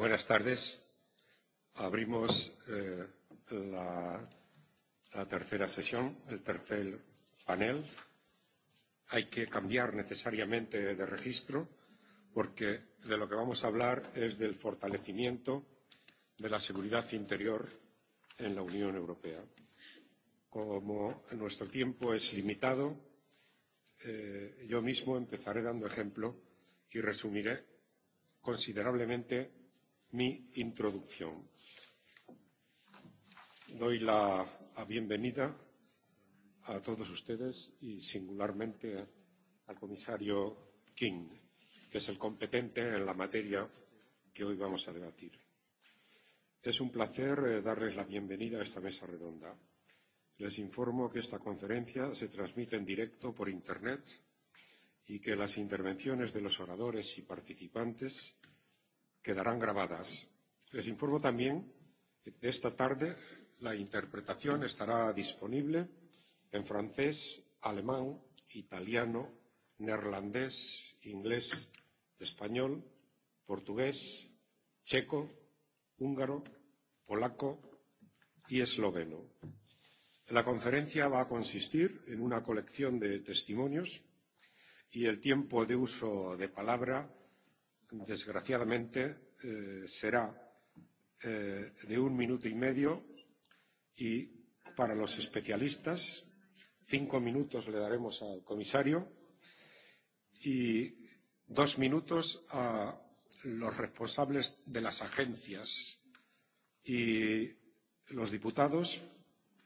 Buenas tardes. Abrimos eh, la, la tercera sesión, el tercer panel. Hay que cambiar necesariamente de registro porque de lo que vamos a hablar es del fortalecimiento de la seguridad interior en la Unión Europea. Como nuestro tiempo es limitado, eh, yo mismo empezaré dando ejemplo y resumiré considerablemente mi introducción. Doy la bienvenida a todos ustedes y singularmente al comisario King, que es el competente en la materia que hoy vamos a debatir. Es un placer eh, darles la bienvenida a esta mesa redonda. Les informo que esta conferencia se transmite en directo por Internet y que las intervenciones de los oradores y participantes quedarán grabadas. Les informo también que de esta tarde la interpretación estará disponible en francés, alemán, italiano, neerlandés, inglés, español, portugués, checo, húngaro, polaco y esloveno. La conferencia va a consistir en una colección de testimonios y el tiempo de uso de palabra desgraciadamente, eh, será eh, de un minuto y medio y para los especialistas cinco minutos le daremos al comisario y dos minutos a los responsables de las agencias y los diputados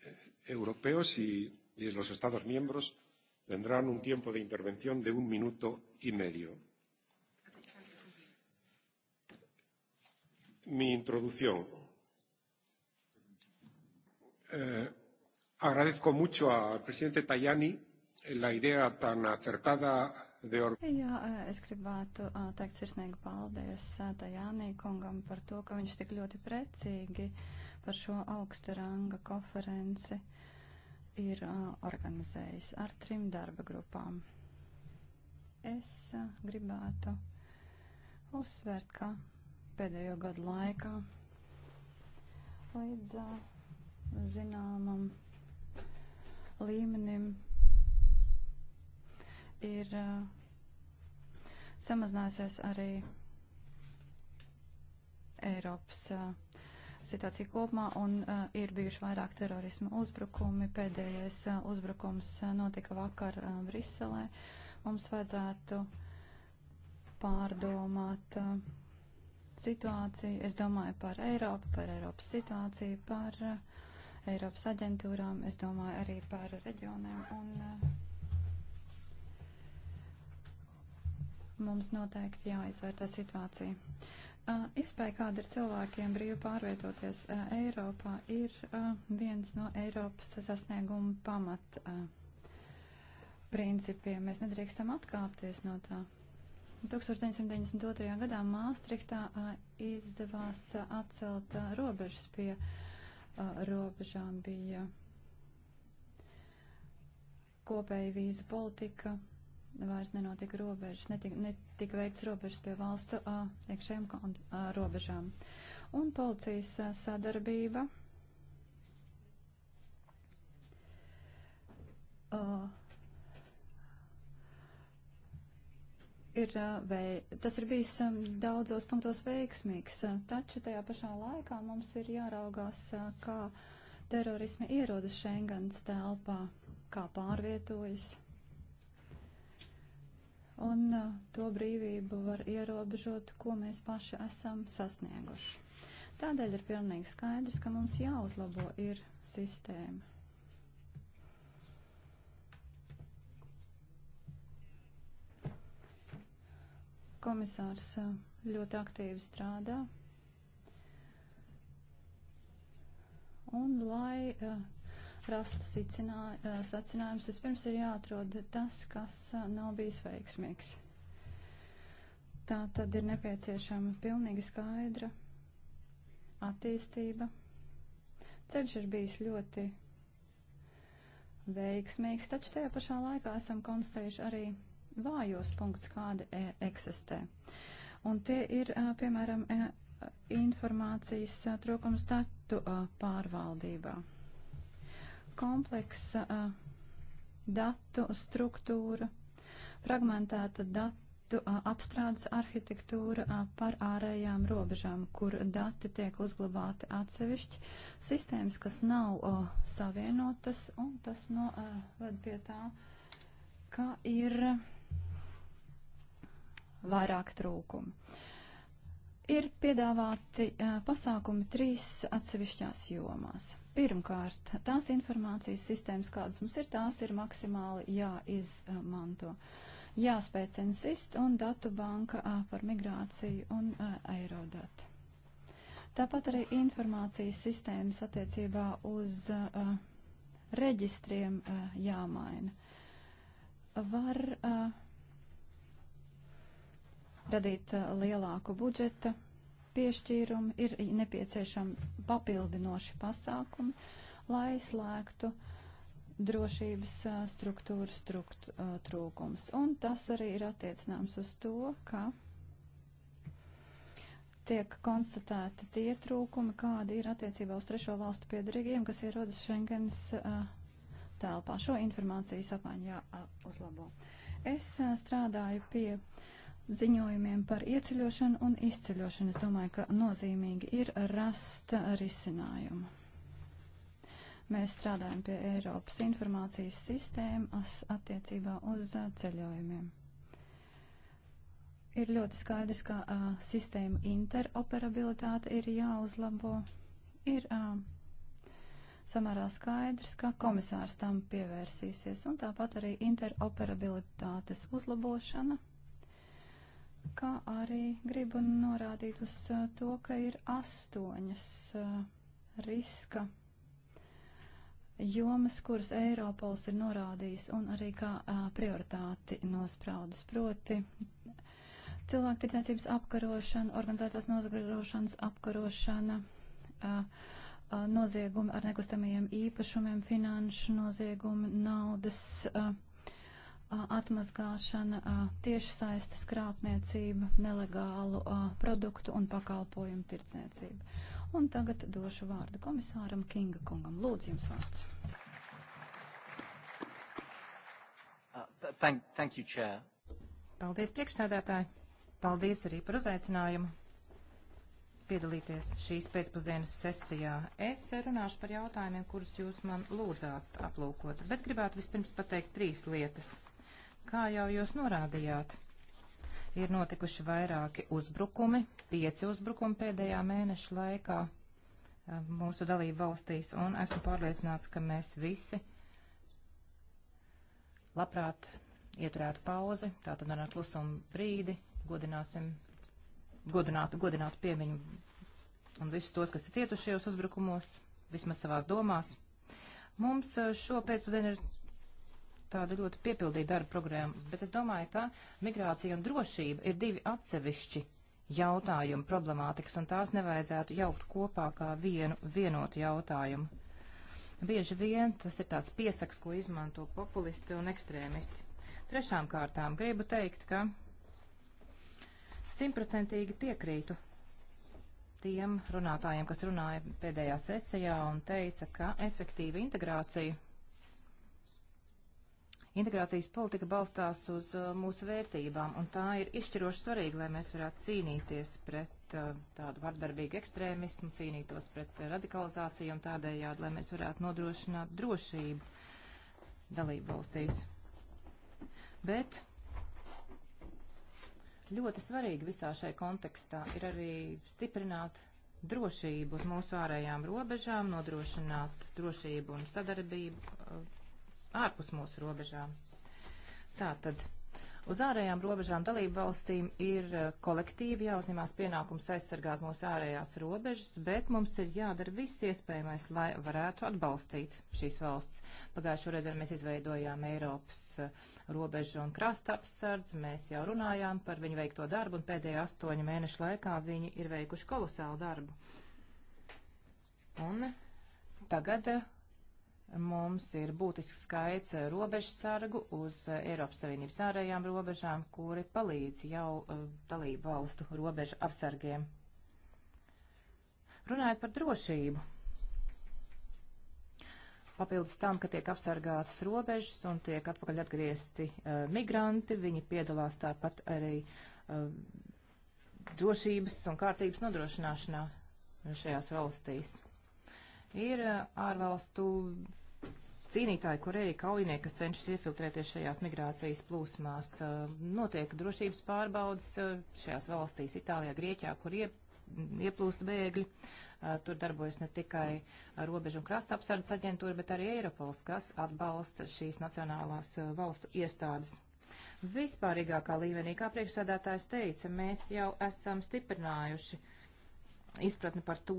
eh, europeos y, y los Estados miembros tendrán un tiempo de intervención de un minuto y medio. mi introducción. Eh, agradezco mucho al presidente Tajani la idea tan acertada de or... Jā, eh, es gribētu eh, teikt sirsnīgi paldies eh, Tajānī kungam par to, ka viņš tik ļoti precīgi par šo augsta ranga konferenci ir organizējis ar trim darba grupām. Es gribētu uzsvērt, ka pēdējo gadu laikā līdz uh, zināmam līmenim ir uh, samazinājusies arī Eiropas uh, situācija kopumā un uh, ir bijuši vairāk terorisma uzbrukumi. Pēdējais uh, uzbrukums uh, notika vakar uh, Briselē. Mums vajadzētu pārdomāt. Uh, situāciju, es domāju par Eiropu, par Eiropas situāciju, par eh, Eiropas aģentūrām, es domāju arī par reģioniem un eh, mums noteikti jāizvērtē situācija. Uh, iespēja, kāda ir cilvēkiem brīvi pārvietoties uh, Eiropā, ir uh, viens no Eiropas sasnieguma pamat principiem. Mēs nedrīkstam atkāpties no tā. 1992. gadā Māstriktā izdevās atcelt robežas pie robežām bija kopēja vīzu politika, vairs nenotika robežas, netika, netika veikts robežas pie valstu iekšējām robežām. Un policijas sadarbība. Uh, ir, vai, tas ir bijis daudzos punktos veiksmīgs, taču tajā pašā laikā mums ir jāraugās, kā terorismi ierodas Schengens telpā, kā pārvietojas. Un to brīvību var ierobežot, ko mēs paši esam sasnieguši. Tādēļ ir pilnīgi skaidrs, ka mums jāuzlabo ir sistēma. Komisārs ļoti aktīvi strādā. Un, lai rastu sacinājumus, vispirms ir jāatrod tas, kas nav bijis veiksmīgs. Tā tad ir nepieciešama pilnīgi skaidra attīstība. Ceļš ir bijis ļoti veiksmīgs, taču tajā pašā laikā esam konstatējuši arī vājos punktus, kādi e, eksistē. Un tie ir, e, piemēram, e, informācijas trūkums datu pārvaldībā. Kompleksa datu struktūra, fragmentēta datu apstrādes arhitektūra par ārējām robežām, kur dati tiek uzglabāti atsevišķi, sistēmas, kas nav savienotas, un tas noved pie tā, ka ir vairāk trūkumu. Ir piedāvāti pasākumi trīs atsevišķās jomās. Pirmkārt, tās informācijas sistēmas, kādas mums ir, tās ir maksimāli jāizmanto. Jāspēcina SIST un datu banka par migrāciju un eirodatu. Tāpat arī informācijas sistēmas attiecībā uz reģistriem jāmaina. Var uh, radīt eh, lielāku budžeta piešķīrumu, ir nepieciešami papildinoši pasākumi, lai slēgtu drošības eh, struktūras strukt, eh, trūkums. Un tas arī ir attiecināms uz to, ka tiek konstatēti tie trūkumi, kādi ir attiecībā uz trešo valstu piedarīgiem, kas ierodas Schengens telpā. Šo informācijas apmaiņu jāuzlabo. Es strādāju pie ziņojumiem par ieceļošanu un izceļošanu. Es domāju, ka nozīmīgi ir rast risinājumu. Mēs strādājam pie Eiropas informācijas sistēmas attiecībā uz ceļojumiem. Ir ļoti skaidrs, ka a, sistēma interoperabilitāte ir jāuzlabo. Ir a, samērā skaidrs, ka komisārs tam pievērsīsies, un tāpat arī interoperabilitātes uzlabošana kā arī gribu norādīt uz uh, to, ka ir astoņas uh, riska jomas, kuras Eiropols ir norādījis un arī kā uh, prioritāti nospraudis. Proti cilvēktirdzniecības apkarošana, organizētās nozagrošanas apkarošana, noziegumi ar nekustamajiem īpašumiem, finanšu noziegumi, naudas. A, atmazgāšana, tieši saistas krāpniecība, nelegālu produktu un pakalpojumu tirdzniecība. Un tagad došu vārdu komisāram Kinga kungam. Lūdzu, jums vārds. Uh, thank, thank you, Chair. Paldies, priekšsēdētāji. Paldies arī par uzaicinājumu piedalīties šīs pēcpusdienas sesijā. Es runāšu par jautājumiem, kurus jūs man lūdzāt aplūkot, bet gribētu vispirms pateikt trīs lietas. Kā jau jūs norādījāt, ir notikuši vairāki uzbrukumi, pieci uzbrukumi pēdējā mēneša laikā eh, mūsu dalību valstīs, un esmu pārliecināts, ka mēs visi labprāt ieturētu pauzi, tātad ar klusumu brīdi godināsim, godinātu, godinātu piemiņu un visus tos, kas ir cietušajos uzbrukumos, vismaz savās domās. Mums eh, šo pēcpusdienu ir tāda ļoti piepildīta darba programma, bet es domāju, ka migrācija un drošība ir divi atsevišķi jautājumu problemātikas, un tās nevajadzētu jaukt kopā kā vienu vienotu jautājumu. Bieži vien tas ir tāds piesaks, ko izmanto populisti un ekstrēmisti. Trešām kārtām gribu teikt, ka simtprocentīgi piekrītu tiem runātājiem, kas runāja pēdējā sesijā un teica, ka efektīva integrācija Integrācijas politika balstās uz uh, mūsu vērtībām, un tā ir izšķiroši svarīga, lai mēs varētu cīnīties pret uh, tādu vardarbīgu ekstrēmismu, cīnītos pret radikalizāciju un tādējādi, lai mēs varētu nodrošināt drošību dalību valstīs. Bet ļoti svarīgi visā šai kontekstā ir arī stiprināt drošību uz mūsu ārējām robežām, nodrošināt drošību un sadarbību uh, ārpus mūsu robežām. Tātad uz ārējām robežām dalību valstīm ir eh, kolektīvi jāuzņemās pienākums aizsargāt mūsu ārējās robežas, bet mums ir jādara viss iespējamais, lai varētu atbalstīt šīs valsts. Pagājušo redēļ mēs izveidojām Eiropas eh, robežu un krasta apsardz, mēs jau runājām par viņu veikto darbu, un pēdējā astoņu mēnešu laikā viņi ir veikuši kolosālu darbu. Un tagad eh, Mums ir būtisks skaits eh, robežsargu uz eh, Eiropas Savienības ārējām robežām, kuri palīdz jau uh, dalību valstu robežu apsargiem. Runājot par drošību. Papildus tam, ka tiek apsargātas robežas un tiek atpakaļ atgriezti uh, migranti, viņi piedalās tāpat arī uh, drošības un kārtības nodrošināšanā šajās valstīs. Ir ārvalstu cīnītāji, korēji, kaujinieki, kas cenšas iefiltrēties šajās migrācijas plūsmās. Eh, notiek drošības pārbaudas eh, šajās valstīs, Itālijā, Grieķijā, kur ie, ieplūst bēgļi. Eh, tur darbojas ne tikai robežu un krasta apsardzes aģentūra, bet arī Eiropols, kas atbalsta šīs nacionālās valstu iestādes. Vispārīgākā līmenī, kā priekšsēdētājs teica, mēs jau esam stiprinājuši izpratni par to,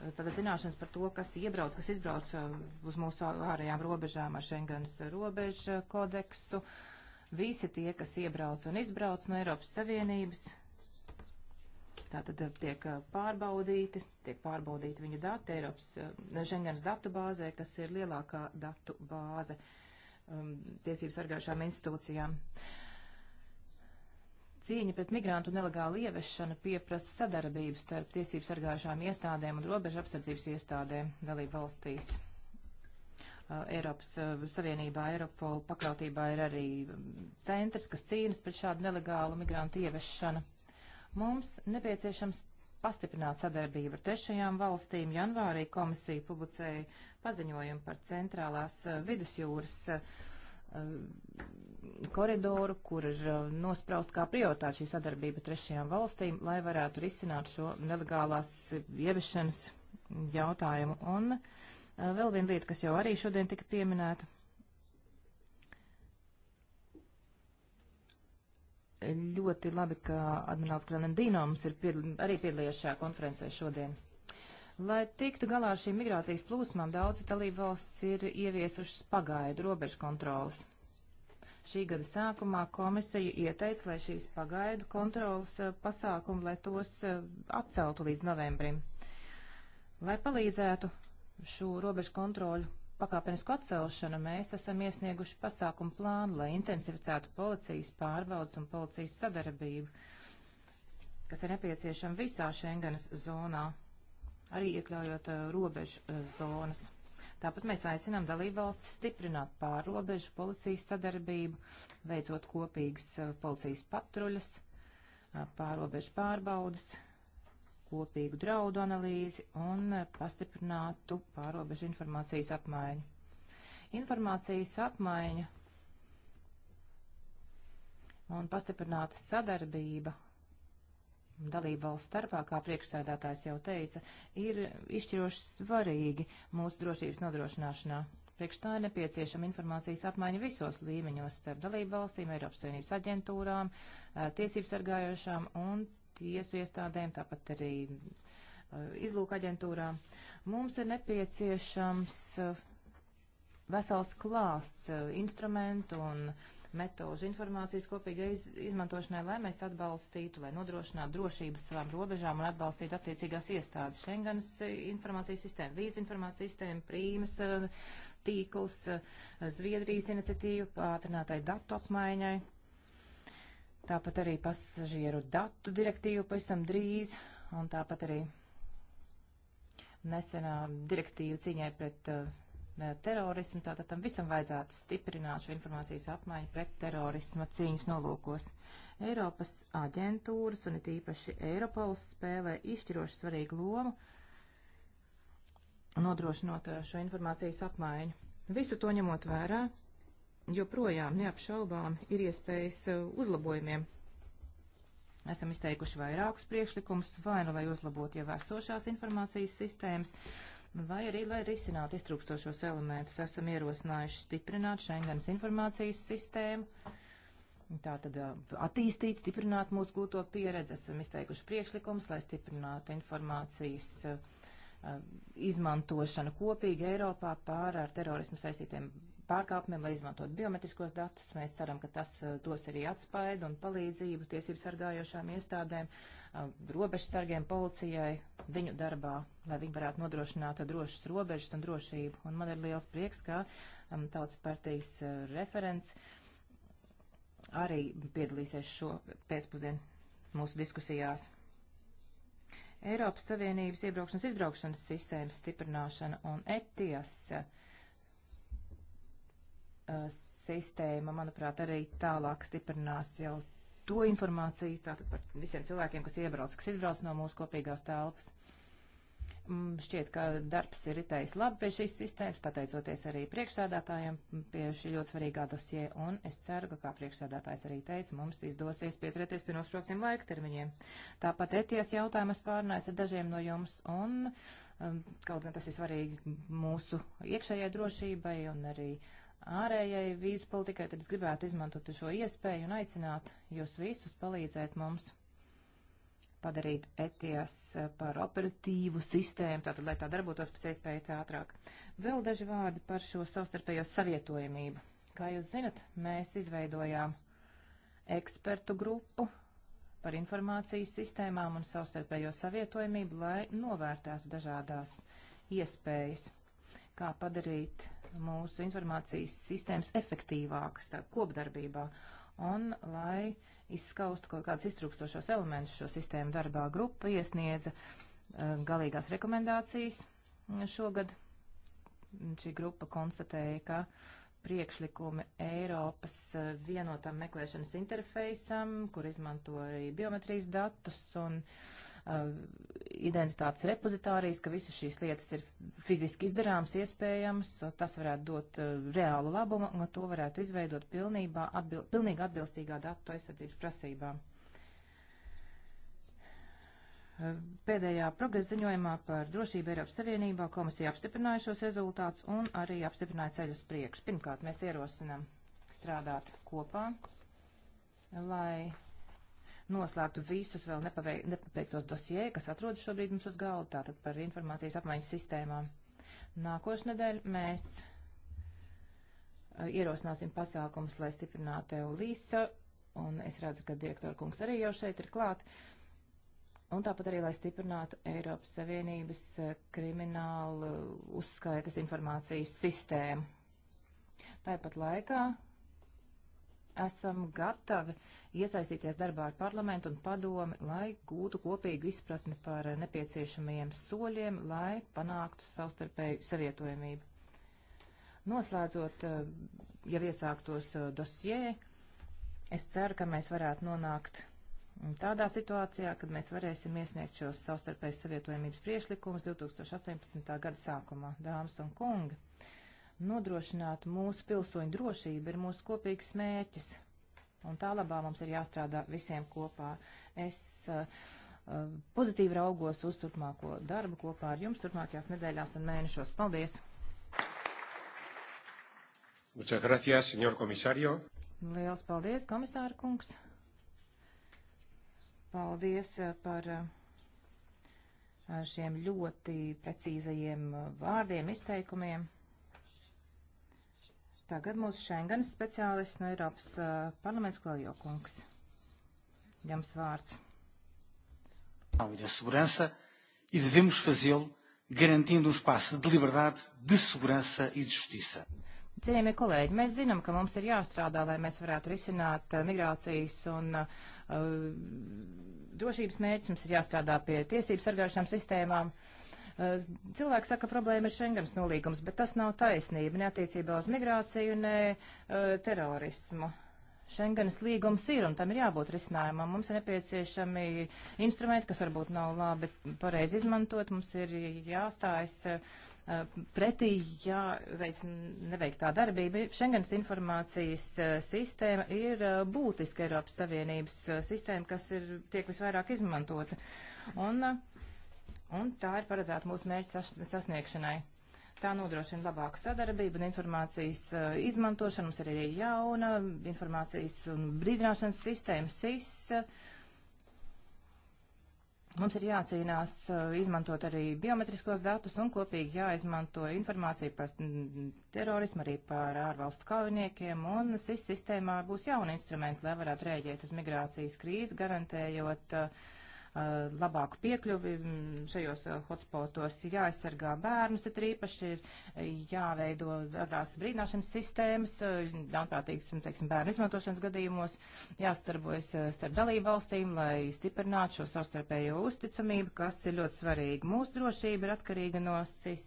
Eh, tātad zināšanas par to, kas iebrauc, kas izbrauc eh, uz mūsu ārējām robežām ar Schengens robežu eh, kodeksu. Visi tie, kas iebrauc un izbrauc no Eiropas Savienības, tātad tiek pārbaudīti, tiek pārbaudīti viņu dati Eiropas Schengens datu bāzē, kas ir lielākā datu bāze um, tiesības sargājušām institūcijām. Uh, Cīņa pret migrantu nelegālu ievešanu pieprasa sadarbību starp tiesību sargājušām iestādēm un robežu apsardzības iestādēm dalību valstīs. Uh, Eiropas uh, Savienībā, Eiropola pakrautībā ir arī um, centrs, kas cīnas pret šādu nelegālu migrantu ievešanu. Mums nepieciešams pastiprināt sadarbību ar trešajām valstīm. Janvārī komisija publicēja paziņojumu par centrālās uh, vidusjūras uh, Eh, koridoru, kur ir eh, nospraust kā prioritāte šī sadarbība trešajām valstīm, lai varētu risināt šo nelegālās ieviešanas jautājumu. Un eh, vēl viena lieta, kas jau arī šodien tika pieminēta. Ļoti labi, ka admirāls Grenendīno mums ir piedal arī piedalījies šajā konferencē šodien. Lai tiktu galā ar šīm migrācijas plūsmām, daudzas dalībvalsts ir ieviesušas pagaidu robežu kontrolas. Šī gada sākumā komisija ieteica, lai šīs pagaidu kontrolas eh, pasākumi, lai tos eh, atceltu līdz novembrim. Lai palīdzētu šo robežu kontroļu pakāpenisku atcelšanu, mēs esam iesnieguši pasākumu plānu, lai intensificētu policijas pārbaudas un policijas sadarbību, kas ir nepieciešama visā Schengenas zonā, arī iekļaujot uh, robežu uh, zonas. Tāpat mēs aicinām dalībvalstis stiprināt pārrobežu policijas sadarbību, veicot kopīgas uh, policijas patruļas, pārrobežu pārbaudas, kopīgu draudu analīzi un pastiprinātu pārobežu informācijas apmaiņu. Informācijas apmaiņa un pastiprināta sadarbība dalību valsts starpā, kā priekšsēdātājs jau teica, ir izšķiroši svarīgi mūsu drošības nodrošināšanā. Priekš tā ir nepieciešama informācijas apmaiņa visos līmeņos starp dalību valstīm, Eiropas Savienības aģentūrām, eh, tiesības sargājošām un tiesu iestādēm, tāpat arī eh, izlūka aģentūrām. Mums ir nepieciešams eh, vesels klāsts instrumentu un uh, metožu informācijas kopīgai iz, izmantošanai, lai mēs atbalstītu, lai nodrošinātu drošības savām robežām un atbalstītu attiecīgās iestādes. Šenganas e, informācijas sistēma, vīzu informācijas sistēma, prīmas e, tīkls, e, Zviedrijas iniciatīva pātrinātai datu apmaiņai. Tāpat arī pasažieru datu direktīva pavisam drīz, un tāpat arī nesenā direktīva cīņai pret uh, terorismu, tātad tam visam vajadzētu stiprināt šo informācijas apmaiņu pret terorisma cīņas nolūkos. Eiropas aģentūras un it īpaši Eiropols spēlē izšķiroši svarīgu lomu, nodrošinot uh, šo informācijas apmaiņu. Visu to ņemot vērā, joprojām neapšaubām ir iespējas uh, uzlabojumiem. Esam izteikuši vairākus priekšlikumus, vai nu lai uzlabotu jau esošās informācijas sistēmas, vai arī, lai risinātu iztrūkstošos elementus, esam ierosinājuši stiprināt Schengens informācijas sistēmu. Tā tad attīstīt, stiprināt mūsu gūto pieredzi, esam izteikuši priekšlikumus, lai stiprinātu informācijas uh, izmantošanu kopīgi Eiropā pār ar terorismu saistītiem pārkāpumiem, lai izmantot biometriskos datus. Mēs ceram, ka tas eh, dos arī atspaidu un palīdzību tiesību sargājošām iestādēm, eh, robežsargiem, policijai, viņu darbā, lai viņi varētu nodrošināt drošas robežas un drošību. Un man ir liels prieks, ka um, Tautas partijas eh, referents arī piedalīsies šo pēcpusdienu mūsu diskusijās. Eiropas Savienības iebraukšanas izbraukšanas sistēmas stiprināšana un ETIAS. Uh, Uh, sistēma, manuprāt, arī tālāk stiprinās jau to informāciju tātad par visiem cilvēkiem, kas iebrauc, kas izbrauc no mūsu kopīgās telpas. Mm, šķiet, ka darbs ir itējis labi pie šīs sistēmas, pateicoties arī priekšsēdātājiem pie šī ļoti svarīgā dosie, un es ceru, ka, kā priekšsēdātājs arī teica, mums izdosies pieturēties pie nosprostiem laika termiņiem. Tāpat eties jautājumus pārnājas ar dažiem no jums, un um, kaut gan tas ir svarīgi mūsu iekšējai drošībai un arī uh, ārējai vīzu politikai, tad es gribētu izmantot šo iespēju un aicināt jūs visus palīdzēt mums padarīt ETIAS eh, par operatīvu sistēmu, tātad, lai tā darbotos pēc iespējas ātrāk. Vēl daži vārdi par šo savstarpējo savietojamību. Kā jūs zinat, mēs izveidojām ekspertu grupu par informācijas sistēmām un savstarpējo savietojamību, lai novērtētu dažādās iespējas, kā padarīt mūsu informācijas sistēmas efektīvākas tā, kopdarbībā un lai izskaustu kaut kādus iztrūkstošos elementus šo sistēmu darbā. Grupa iesniedza uh, galīgās rekomendācijas šogad. Šī grupa konstatēja, ka priekšlikumi Eiropas uh, eh, vienotam meklēšanas interfeisam, kur izmanto arī biometrijas datus un uh, Uh, identitātes repozitārijas, ka visas šīs lietas ir fiziski izdarāmas, iespējams, uh, tas varētu dot uh, reālu labumu un to varētu izveidot pilnībā, atbil, pilnīgi atbilstīgā datu aizsardzības prasībām. Pēdējā progresa ziņojumā par drošību Eiropas Savienībā komisija apstiprināja šos rezultātus un arī apstiprināja ceļu uz priekšu. Pirmkārt, mēs ierosinām strādāt kopā, lai noslēgtu visus vēl nepabeigtos dosie, kas atrodas šobrīd mums uz galda, tātad par informācijas apmaiņas sistēmām. Nākošu nedēļu mēs eh, ierosināsim pasākums, lai stiprinātu EULISA, un es redzu, ka direktora kungs arī jau šeit ir klāt, un tāpat arī, lai stiprinātu Eiropas Savienības eh, kriminālu uzskaitas informācijas sistēmu. Tāpat laikā esam gatavi iesaistīties darbā ar parlamentu un padomi, lai gūtu kopīgu izpratni par nepieciešamajiem soļiem, lai panāktu savstarpēju savietojamību. Noslēdzot eh, jau iesāktos eh, dosjē, es ceru, ka mēs varētu nonākt tādā situācijā, kad mēs varēsim iesniegt šos savstarpējas savietojamības priešlikumus 2018. gada sākumā. Dāmas un kungi! Nodrošināt mūsu pilsoņu drošību ir mūsu kopīgs mērķis, un tā labā mums ir jāstrādā visiem kopā. Es uh, uh pozitīvi raugos uz turpmāko darbu kopā ar jums turpmākajās nedēļās un mēnešos. Paldies! Muchas gracias, señor komisario. Liels paldies, komisāra kungs. Paldies uh, par uh, šiem ļoti precīzajiem vārdiem, izteikumiem. Tagad mūsu Schengenas speciālists no Eiropas uh, parlaments Kaljo kungs. Jums vārds. Da segurança e devemos fazê-lo garantindo um espaço de liberdade, de segurança e de justiça. Cienījamie kolēģi, mēs zinām, ka mums ir jāstrādā, lai mēs varētu risināt migrācijas un uh, drošības mērķus, mums ir jāstrādā pie tiesību sargājušām sistēmām. Uh, Eh, cilvēki saka, ka problēma ir Schengens nolīgums, bet tas nav taisnība ne attiecībā uz migrāciju, ne uh, terorismu. Schengenas līgums ir, un tam ir jābūt risinājumam. Mums ir nepieciešami instrumenti, kas varbūt nav labi pareizi izmantot. Mums ir jāstājas uh, pretī, jāveic neveiktā darbība. Schengenas informācijas uh, sistēma ir uh, būtiska Eiropas Savienības sistēma, kas ir tiek visvairāk izmantota. Un, uh, un tā ir paredzēta mūsu mērķu sasniegšanai. Tā nodrošina labāku sadarbību un informācijas uh, izmantošanu. Mums ir arī jauna informācijas un brīdināšanas sistēma SIS. Mums ir jācīnās uh, izmantot arī biometriskos datus un kopīgi jāizmanto informācija par terorismu, arī par ārvalstu kaujiniekiem. Un SIS sistēmā būs jauni instrumenti, lai varētu rēģēt uz migrācijas krīzi, garantējot uh, Uh, labāku piekļuvi mm, šajos uh, hotspotos, jāaizsargā bērnus, ir īpaši ir uh, jāveido dažās brīdināšanas sistēmas, ļaunprātīgas, mm, teiksim, bērnu izmantošanas gadījumos, jāstarbojas starp dalību valstīm, lai stiprinātu šo savstarpējo uzticamību, kas ir ļoti svarīgi. Mūsu drošība ir atkarīga no SIS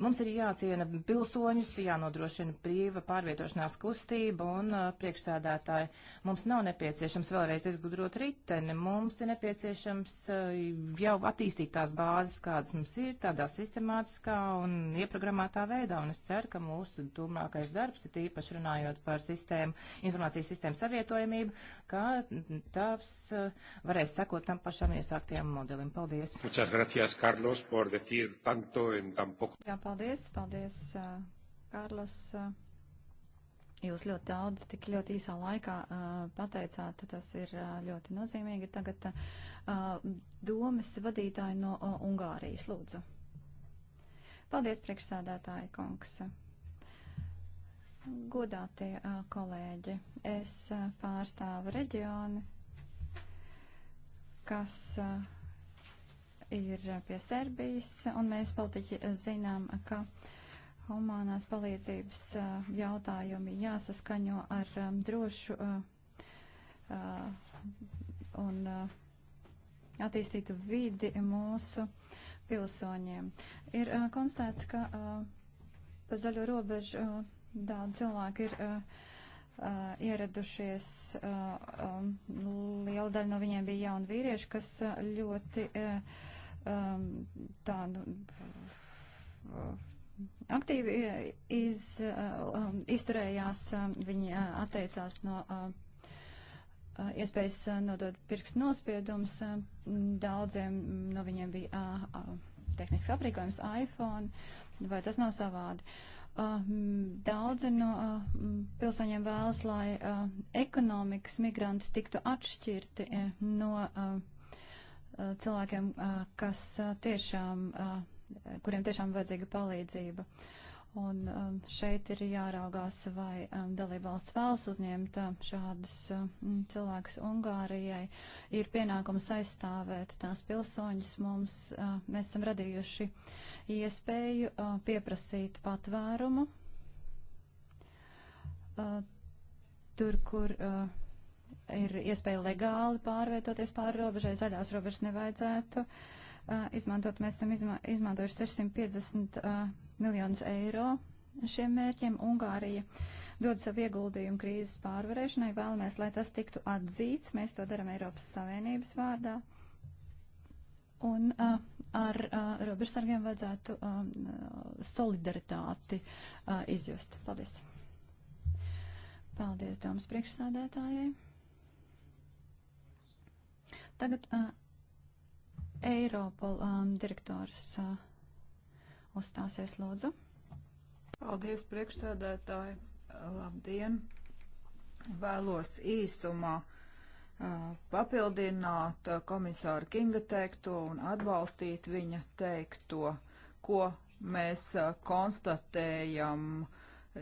Mums ir jāciena pilsoņus, jānodrošina brīva pārvietošanās kustība un uh, priekšsēdētāji. Mums nav nepieciešams vēlreiz izgudrot riteni, mums ir nepieciešams uh, jau attīstīt tās bāzes, kādas mums ir, tādā sistemātiskā un ieprogrammētā veidā. Un es ceru, ka mūsu turmākais darbs, ir īpaši runājot par sistēmu, informācijas sistēmu savietojamību, kā tās uh, varēs sekot tam pašam iesāktiem modelim. Paldies! Muchas gracias, Carlos, por decir tanto en tan poco. Jā, paldies, paldies, Kārlis. Jūs ļoti daudz, tik ļoti īsā laikā uh, pateicāt, tas ir uh, ļoti nozīmīgi. Tagad uh, domas vadītāji no uh, Ungārijas, lūdzu. Paldies, priekšsēdētāji kungs. Godātie uh, kolēģi, es uh, pārstāvu reģioni, kas. Uh, ir pie Serbijas, un mēs politiķi zinām, ka humānās palīdzības jautājumi jāsaskaņo ar drošu un attīstītu vidi mūsu pilsoņiem. Ir uh, konstatēts, ka uh, pa zaļo robežu uh, daudz cilvēku ir uh, uh, ieradušies. Uh, um, liela daļa no viņiem bija jauni vīrieši, kas uh, ļoti. Uh, um, tādu aktīvi uh, iz, uh, um, izturējās, um, viņi uh, atteicās no um, iespējas nodot pirkstu nospiedumus. Daudziem no viņiem bija tehniski aprīkojums iPhone, vai tas nav savādi. Daudzi no pilsoņiem vēlas, lai ekonomikas migranti tiktu atšķirti no Eh, cilvēkiem, eh, kas eh, tiešām, kuriem tiešām vajadzīga palīdzība. Un šeit ir jāraugās, vai dalībvalsts vēlas uzņemt šādus cilvēkus Ungārijai. Ir pienākums aizstāvēt tās pilsoņus. Mums, mēs esam radījuši iespēju pieprasīt patvērumu tur, kur uh, ir iespēja legāli pārvietoties pāri robežai, zaļās robežas nevajadzētu uh, izmantot. Mēs esam izma izmantojuši 650 uh, miljonus eiro šiem mērķiem. Ungārija dod savu ieguldījumu krīzes pārvarēšanai, vēlamies, lai tas tiktu atzīts. Mēs to daram Eiropas Savienības vārdā. Un uh, ar uh, robežsargiem vajadzētu um, solidaritāti uh, izjust. Paldies! Paldies, domas priekšsādētājai! Tagad uh, Eiropol um, direktors uh, uzstāsies lūdzu. Paldies, priekšsēdētāji. Labdien! Vēlos īsumā papildināt komisāru Kinga teikto un atbalstīt viņa teikto, ko mēs konstatējam,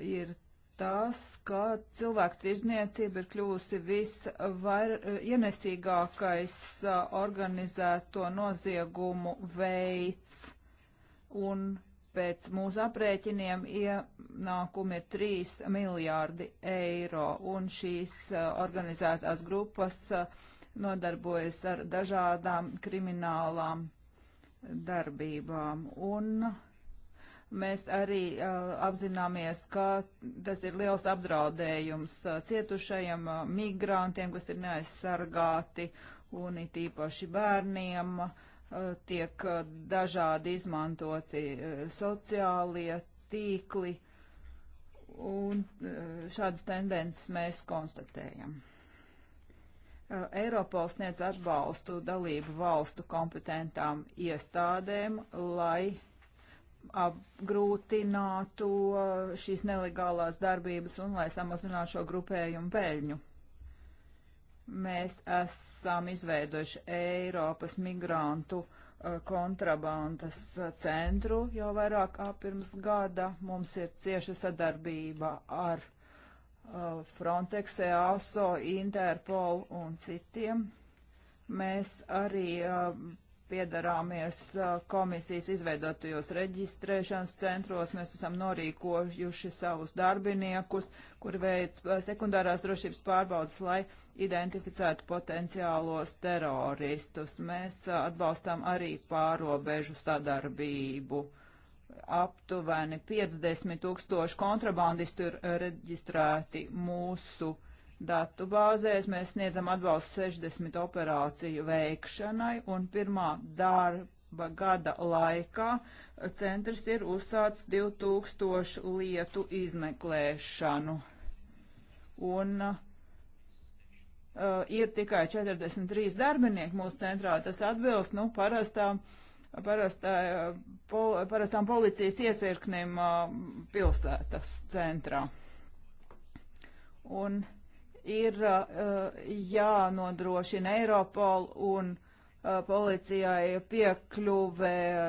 ir tas, ka cilvēku tirzniecība ir kļūsi visienesīgākais eh, eh, organizēto noziegumu veids. Un pēc mūsu aprēķiniem ienākumi ir 3 miljārdi eiro, un šīs eh, organizētās grupas nodarbojas ar dažādām kriminālām darbībām. Un, uh, Mēs arī uh, apzināmies, ka tas ir liels apdraudējums uh, cietušajiem uh, migrantiem, kas ir neaizsargāti un it īpaši bērniem. Uh, tiek uh, dažādi izmantoti uh, sociālie tīkli un šādas tendences mēs konstatējam. Eiropols sniedz atbalstu dalību valstu kompetentām iestādēm, lai apgrūtinātu uh, šīs nelegālās darbības un lai samazinātu šo grupējumu peļņu. Mēs esam izveidojuši Eiropas migrantu uh, kontrabandas centru jau vairāk kā pirms gada. Mums ir cieša sadarbība ar uh, Frontex, EASO, Interpol un citiem. Mēs arī piedarāmies komisijas izveidotajos reģistrēšanas centros. Mēs esam norīkojuši savus darbiniekus, kur veic sekundārās drošības pārbaudas, lai identificētu potenciālos teroristus. Mēs atbalstām arī pārobežu sadarbību. Aptuveni 50 tūkstoši kontrabandistu ir reģistrēti mūsu uh, datu bāzēs. Mēs sniedzam atbalstu 60 operāciju veikšanai un pirmā darba gada laikā centrs ir uzsācis 2000 lietu izmeklēšanu. Un uh, Uh, ir tikai 43 darbinieki mūsu centrā. Tas atbilst nu, parastām, parastā, pol, parastām policijas iecirknim uh, pilsētas centrā. Un uh, ir eh, jānodrošina Eiropol un eh, policijai piekļuve eh,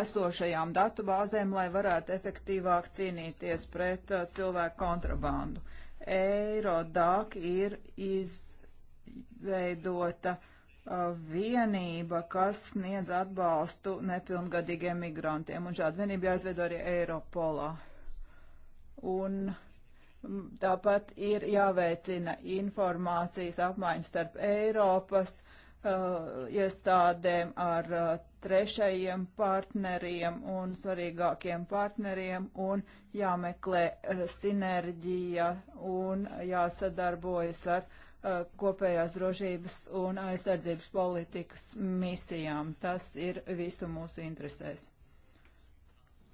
esošajām datubāzēm, lai varētu efektīvāk cīnīties pret cilvēku kontrabandu. Eirodāk ir izveidota vienība, kas sniedz atbalstu nepilngadīgiem migrantiem, un šāda vienība jāizveido arī Eiropolā. Un uh, Tāpat ir jāveicina informācijas apmaiņas starp Eiropas uh, iestādēm ar uh, trešajiem partneriem un svarīgākiem partneriem un jāmeklē uh, sinerģija un jāsadarbojas ar uh, kopējās drošības un aizsardzības politikas misijām. Tas ir visu mūsu interesēs.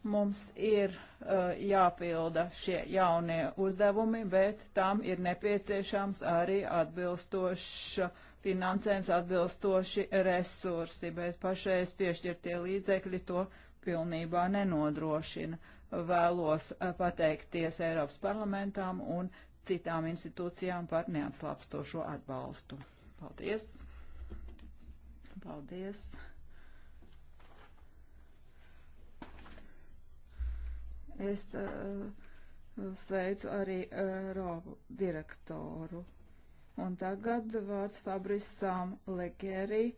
Mums ir uh, jāpilda šie jaunie uzdevumi, bet tam ir nepieciešams arī atbilstoša finansējums, atbilstoši resursi, bet pašreiz piešķirtie līdzekļi to pilnībā nenodrošina. Vēlos uh, pateikties Eiropas parlamentām un citām institūcijām par neatslāpstošo atbalstu. Paldies! Paldies! Es uh, sveicu arī Eiropu eh, direktoru. Un tagad vārds Fabrisam Legeri,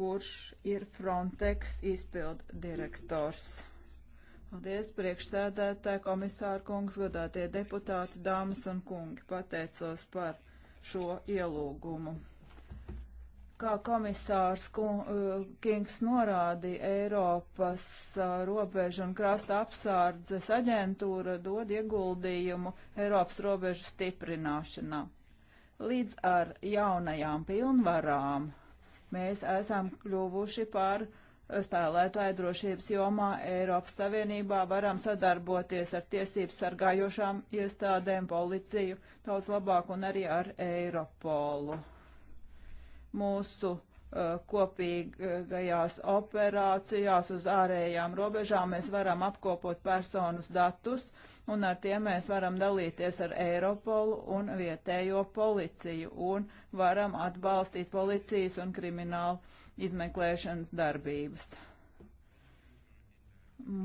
kurš ir Frontex izpildu direktors. Paldies, priekšsēdētāji, komisāra kungs, godātie deputāti, dāmas un kungi. Pateicos par šo ielūgumu. Kā komisārs eh, Kings norādīja, Eiropas eh, robežu un krasta apsārdzes aģentūra dod ieguldījumu Eiropas robežu stiprināšanā. Līdz ar jaunajām pilnvarām mēs esam kļuvuši par eh, spēlētāju drošības jomā Eiropas Savienībā, varam sadarboties ar tiesības sargājošām iestādēm, policiju, daudz labāk un arī ar Eiropolu mūsu uh, kopīgajās operācijās uz ārējām robežām mēs varam apkopot personas datus, un ar tiem mēs varam dalīties ar Eiropolu un vietējo policiju, un varam atbalstīt policijas un kriminālu izmeklēšanas darbības.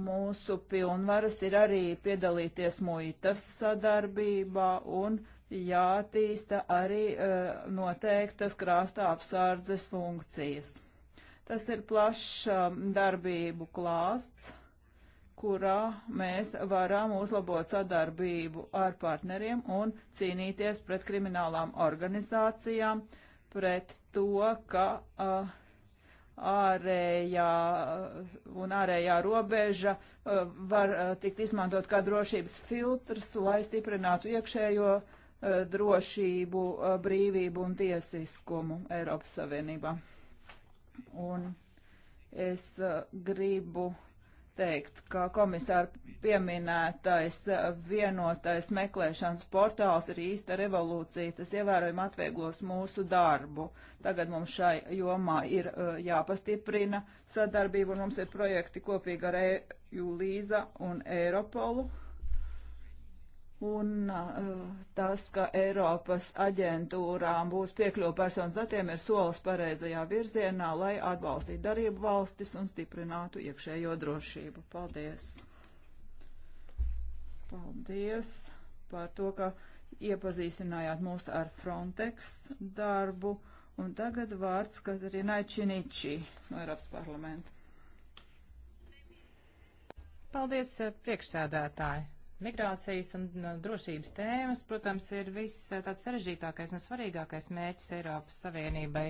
Mūsu pilnvaras ir arī piedalīties muitas sadarbībā un uh, jātīsta arī uh, noteiktas krāsta apsardzes funkcijas. Tas ir plašs um, darbību klāsts, kurā mēs varam uzlabot sadarbību ar partneriem un cīnīties pret kriminālām organizācijām, pret to, ka uh, ārējā un ārējā robeža var tikt izmantot kā drošības filtrs, lai stiprinātu iekšējo uh, Eh, drošību, eh, brīvību un tiesiskumu Eiropas Savienībā. Un es eh, gribu teikt, ka komisāra pieminētais vienotais meklēšanas portāls ir īsta revolūcija. Tas ievērojami atvieglos mūsu darbu. Tagad mums šai jomā ir jāpastiprina sadarbība, un mums ir projekti kopīgi ar EU Līza un Eiropolu. Un uh, tas, ka Eiropas aģentūrām būs piekļuva personas datiem, ir solis pareizajā virzienā, lai atbalstītu darību valstis un stiprinātu iekšējo drošību. Paldies! Paldies par to, ka iepazīstinājāt mūs ar Frontex darbu. Un tagad vārds Katarinai Činiči no Eiropas parlamenta. Paldies, eh, priekšsēdētāji! Migrācijas un drošības tēmas, protams, ir viss eh, tāds sarežģītākais un svarīgākais mēķis Eiropas Savienībai.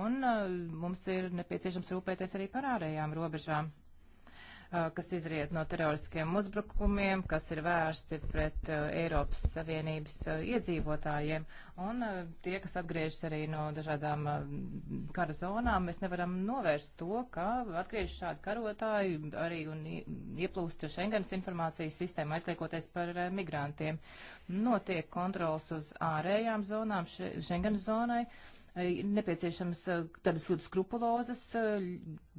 Un eh, mums ir nepieciešams rūpēties arī par ārējām robežām kas izriet no teroriskiem uzbrukumiem, kas ir vērsti pret Eiropas Savienības iedzīvotājiem. Un tie, kas atgriežas arī no dažādām kara zonām, mēs nevaram novērst to, ka atgriežas šādi karotāji arī un ieplūst Schengens informācijas sistēma, aizliekoties par migrantiem. Notiek kontrols uz ārējām zonām, Schengen zonai. Uh, nepieciešams tādas ļoti skrupulozas,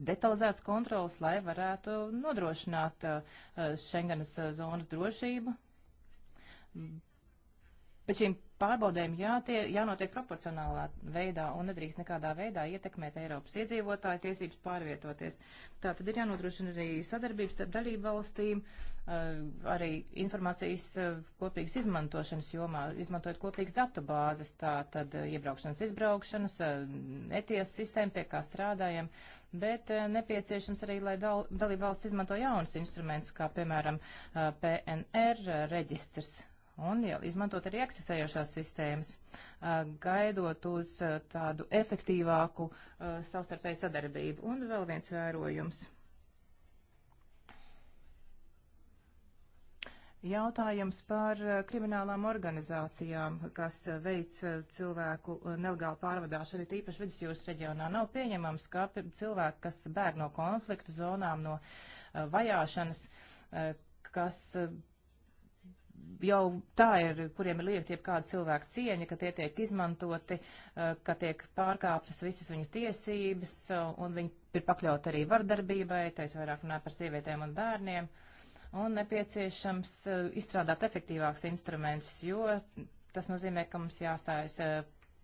detalizētas kontrolas, lai varētu nodrošināt Schengenas zonas drošību. Bet šīm pārbaudēm jātie, jānotiek proporcionālā veidā un nedrīkst nekādā veidā ietekmēt Eiropas iedzīvotāju tiesības pārvietoties. Tā tad ir jānodrošina arī sadarbības starp dalību valstīm, eh, arī informācijas eh, kopīgas izmantošanas jomā, izmantojot kopīgas datu bāzes, tā tad eh, iebraukšanas, izbraukšanas, ETIAS e sistēma, pie kā strādājam, bet nepieciešams arī, lai dal, dalību valsts izmanto jaunas instrumentus, kā piemēram PNR reģistrs un jau izmantot arī eksistējošās sistēmas, gaidot uz tādu efektīvāku savstarpēju sadarbību. Un vēl viens vērojums. Jautājums par kriminālām organizācijām, kas veic cilvēku nelegālu pārvadāšanu, arī tīpaši vidusjūras reģionā. Nav pieņemams, ka cilvēki, kas bēg no konfliktu zonām, no vajāšanas, kas jau tā ir, kuriem ir liekta jebkāda cilvēka cieņa, ka tie tiek izmantoti, eh, ka tiek pārkāptas visas viņu tiesības, eh, un viņi ir pakļauti arī vardarbībai, taisa vairāk runā par sievietēm un bērniem, un nepieciešams eh, izstrādāt efektīvāks instruments, jo tas nozīmē, ka mums jāstājas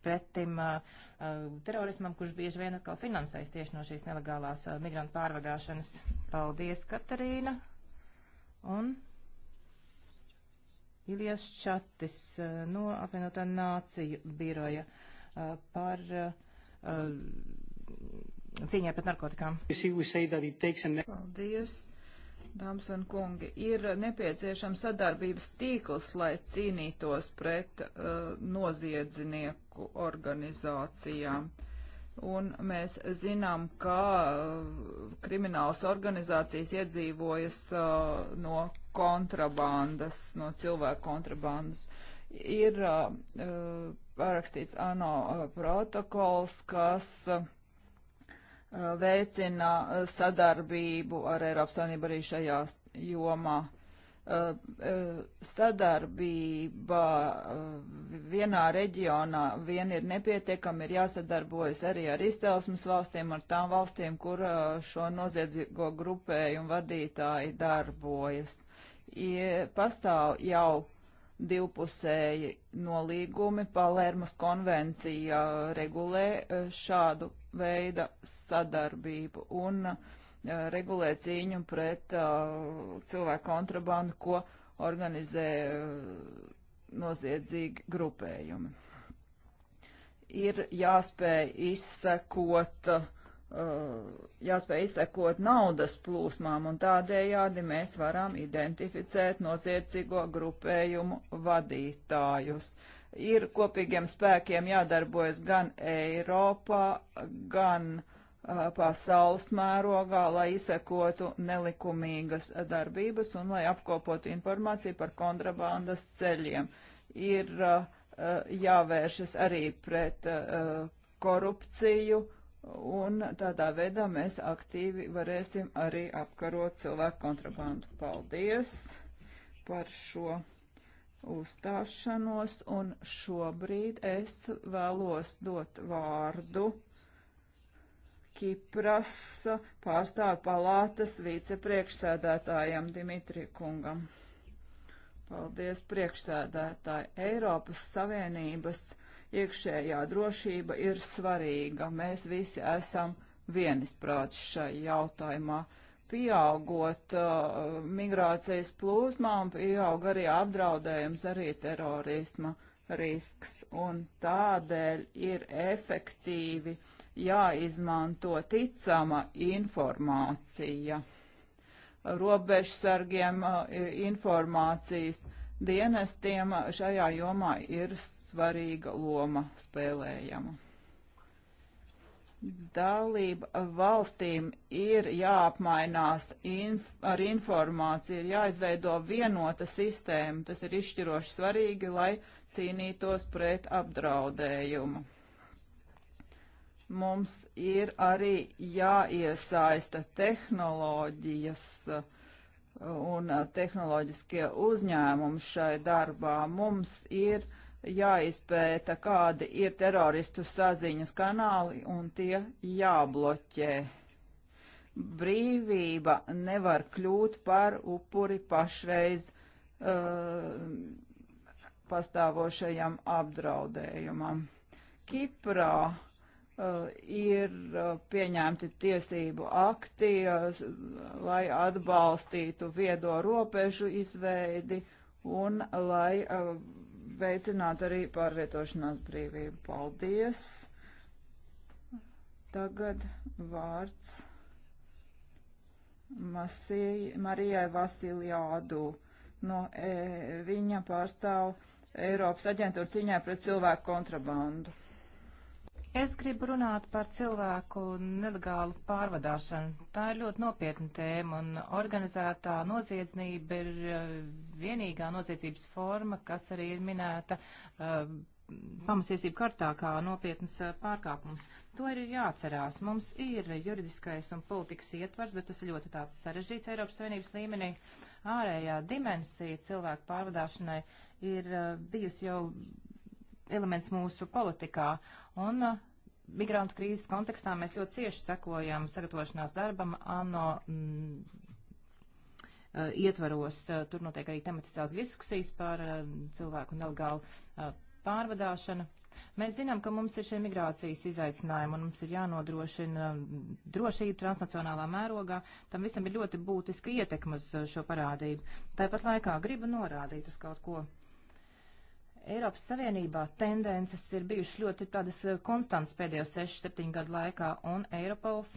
pretim terorismam, kurš bieži vien atkal finansēs tieši no šīs nelegālās migrantu pārvadāšanas. Paldies, Katarīna! Un Ilijas Čatis eh, no apvienotā nāciju biroja eh, par eh, cīņai pret narkotikām. Paldies, dāmas un kungi. Ir nepieciešams sadarbības tīkls, lai cīnītos pret uh, noziedzinieku organizācijām. Un mēs zinām, ka uh, kriminālas organizācijas iedzīvojas uh, no kontrabandas, no cilvēku kontrabandas. Ir uh, parakstīts uh, ANO uh, protokols, kas uh, uh veicina sadarbību ar Eiropas Savienību arī šajā jomā. Uh, uh, sadarbība uh, vienā reģionā vien ir nepietiekama, ir jāsadarbojas arī ar izcelsmes valstīm, ar tām valstīm, kur šo noziedzīgo grupējumu vadītāji darbojas pastāv jau divpusēji nolīgumi. Palermas konvencija regulē e, šādu veidu sadarbību un e, regulē cīņu pret uh, cilvēku kontrabandu, ko organizē uh, noziedzīgi grupējumi. Ir jāspēj izsekot uh, Uh, jāspēj izsekot naudas plūsmām, un tādējādi mēs varam identificēt nociecīgo grupējumu vadītājus. Ir kopīgiem spēkiem jādarbojas gan Eiropā, gan uh, pasaules mērogā, lai izsekotu nelikumīgas darbības un lai apkopotu informāciju par kontrabandas ceļiem. Ir uh, uh jāvēršas arī pret uh, korupciju, uh, Un tādā veidā mēs aktīvi varēsim arī apkarot cilvēku kontrabandu. Paldies par šo uzstāšanos, un šobrīd es vēlos dot vārdu Kipras pārstāvu palātas vicepriekšsēdētājam Dimitri Kungam. Paldies priekšsēdētāji Eiropas Savienības iekšējā drošība ir svarīga. Mēs visi esam vienisprāts šai jautājumā. Pieaugot uh, migrācijas plūsmām, pieaug arī apdraudējums, arī terorisma risks, un tādēļ ir efektīvi jāizmanto ticama informācija. Robežsargiem uh, informācijas dienestiem šajā jomā ir svarīga loma spēlējama. Dalība valstīm ir jāapmainās inf ar informāciju, ir jāizveido vienota sistēma. Tas ir izšķiroši svarīgi, lai cīnītos pret apdraudējumu. Mums ir arī jāiesaista tehnoloģijas uh, un uh, tehnoloģiskie uzņēmumi šai darbā. Mums ir jāizpēta, kādi ir teroristu saziņas kanāli, un tie jābloķē. Brīvība nevar kļūt par upuri pašreiz uh, pastāvošajam apdraudējumam. Kiprā Uh, ir uh, pieņemti tiesību akti, uh, lai atbalstītu viedo robežu izveidi un lai uh, veicināt arī pārvietošanās brīvību. Paldies! Tagad vārds Masī, Marijai Vasiljādu. No, e, viņa pārstāv Eiropas aģentūra ciņā pret cilvēku kontrabandu. Es gribu runāt par cilvēku nelegālu pārvadāšanu. Tā ir ļoti nopietna tēma, un organizētā noziedznība ir eh, vienīgā noziedzības forma, kas arī ir minēta uh, pamatiesību kartā kā nopietnas eh, pārkāpums. To ir jāatcerās. Mums ir juridiskais un politikas ietvars, bet tas ir ļoti tāds sarežģīts Eiropas Savienības līmenī. Ārējā dimensija cilvēku pārvadāšanai ir bijusi jau elements mūsu politikā, un Migrantu krīzes kontekstā mēs ļoti cieši sekojam sagatavošanās darbam ANO m, mm, eh, ietvaros. Eh, tur notiek arī tematisās diskusijas par eh, cilvēku nelegālu pārvadāšanu. Mēs zinām, ka mums ir šie migrācijas izaicinājumi un mums ir jānodrošina mm, drošība transnacionālā mērogā. Tam visam ir ļoti būtiska ietekme uz šo parādību. Tāpat laikā gribu norādīt uz kaut ko, Eiropas Savienībā tendences ir bijušas ļoti tādas eh, konstantas pēdējo 6-7 gadu laikā, un Eiropols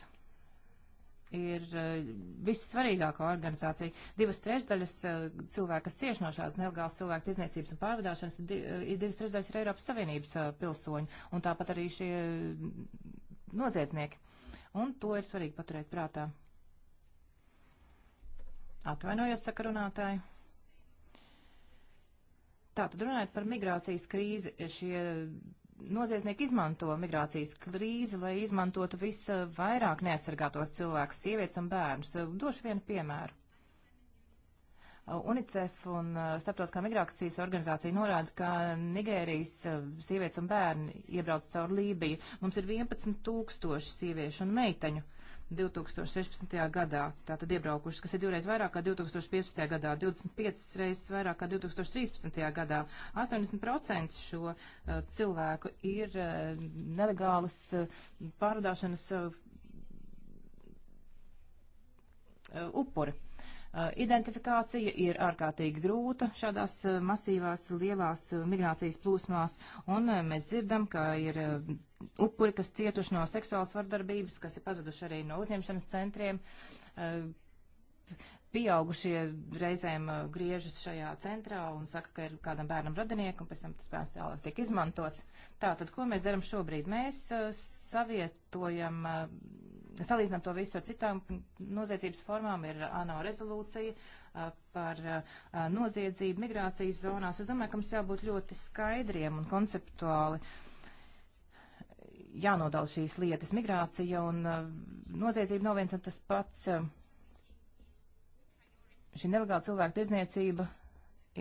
ir eh, vissvarīgākā organizācija. Divas trešdaļas eh, cilvēku, kas cieši no šādas nelegālas cilvēku izniecības un pārvadāšanas, divas trešdaļas ir Eiropas Savienības pilsoņi, un tāpat arī šie mm, noziedznieki. Un to ir svarīgi paturēt prātā. Atvainojos, saka runātāji. Tātad runājot par migrācijas krīzi, šie noziedznieki izmanto migrācijas krīzi, lai izmantotu visvairāk neaizsargātos cilvēkus, sievietes un bērnus. Došu vienu piemēru. UNICEF un uh, Starptautiskā migrācijas organizācija norāda, ka Nigērijas uh, sievietes un bērni iebrauc caur Lībiju. Mums ir 11 tūkstoši sieviešu un meiteņu. Uh, 2016. gadā, tātad iebraukušas, kas ir divreiz vairāk kā 2015. gadā, 25 reizes vairāk kā 2013. gadā. 80% šo uh, cilvēku ir uh, nelegālas uh, pārvadāšanas uh, upuri. Uh, Identifikācija ir ārkārtīgi grūta šādās masīvās lielās migrācijas plūsmās, un mēs dzirdam, ka ir upuri, kas cietuši no seksuālas vardarbības, kas ir pazuduši arī no uzņemšanas centriem. Pieaugušie reizēm griežas šajā centrā un saka, ka ir kādam bērnam radiniekam, pēc tam tas bērns tālāk tiek izmantots. Tātad, ko mēs darām šobrīd? Mēs savietojam Salīdzinām to visu ar citām noziedzības formām, ir ANO rezolūcija par noziedzību migrācijas zonās. Es domāju, ka mums jābūt ļoti skaidriem un konceptuāli jānodala šīs lietas. Migrācija un noziedzība nav viens un tas pats. Šī nelegāla cilvēka tirdzniecība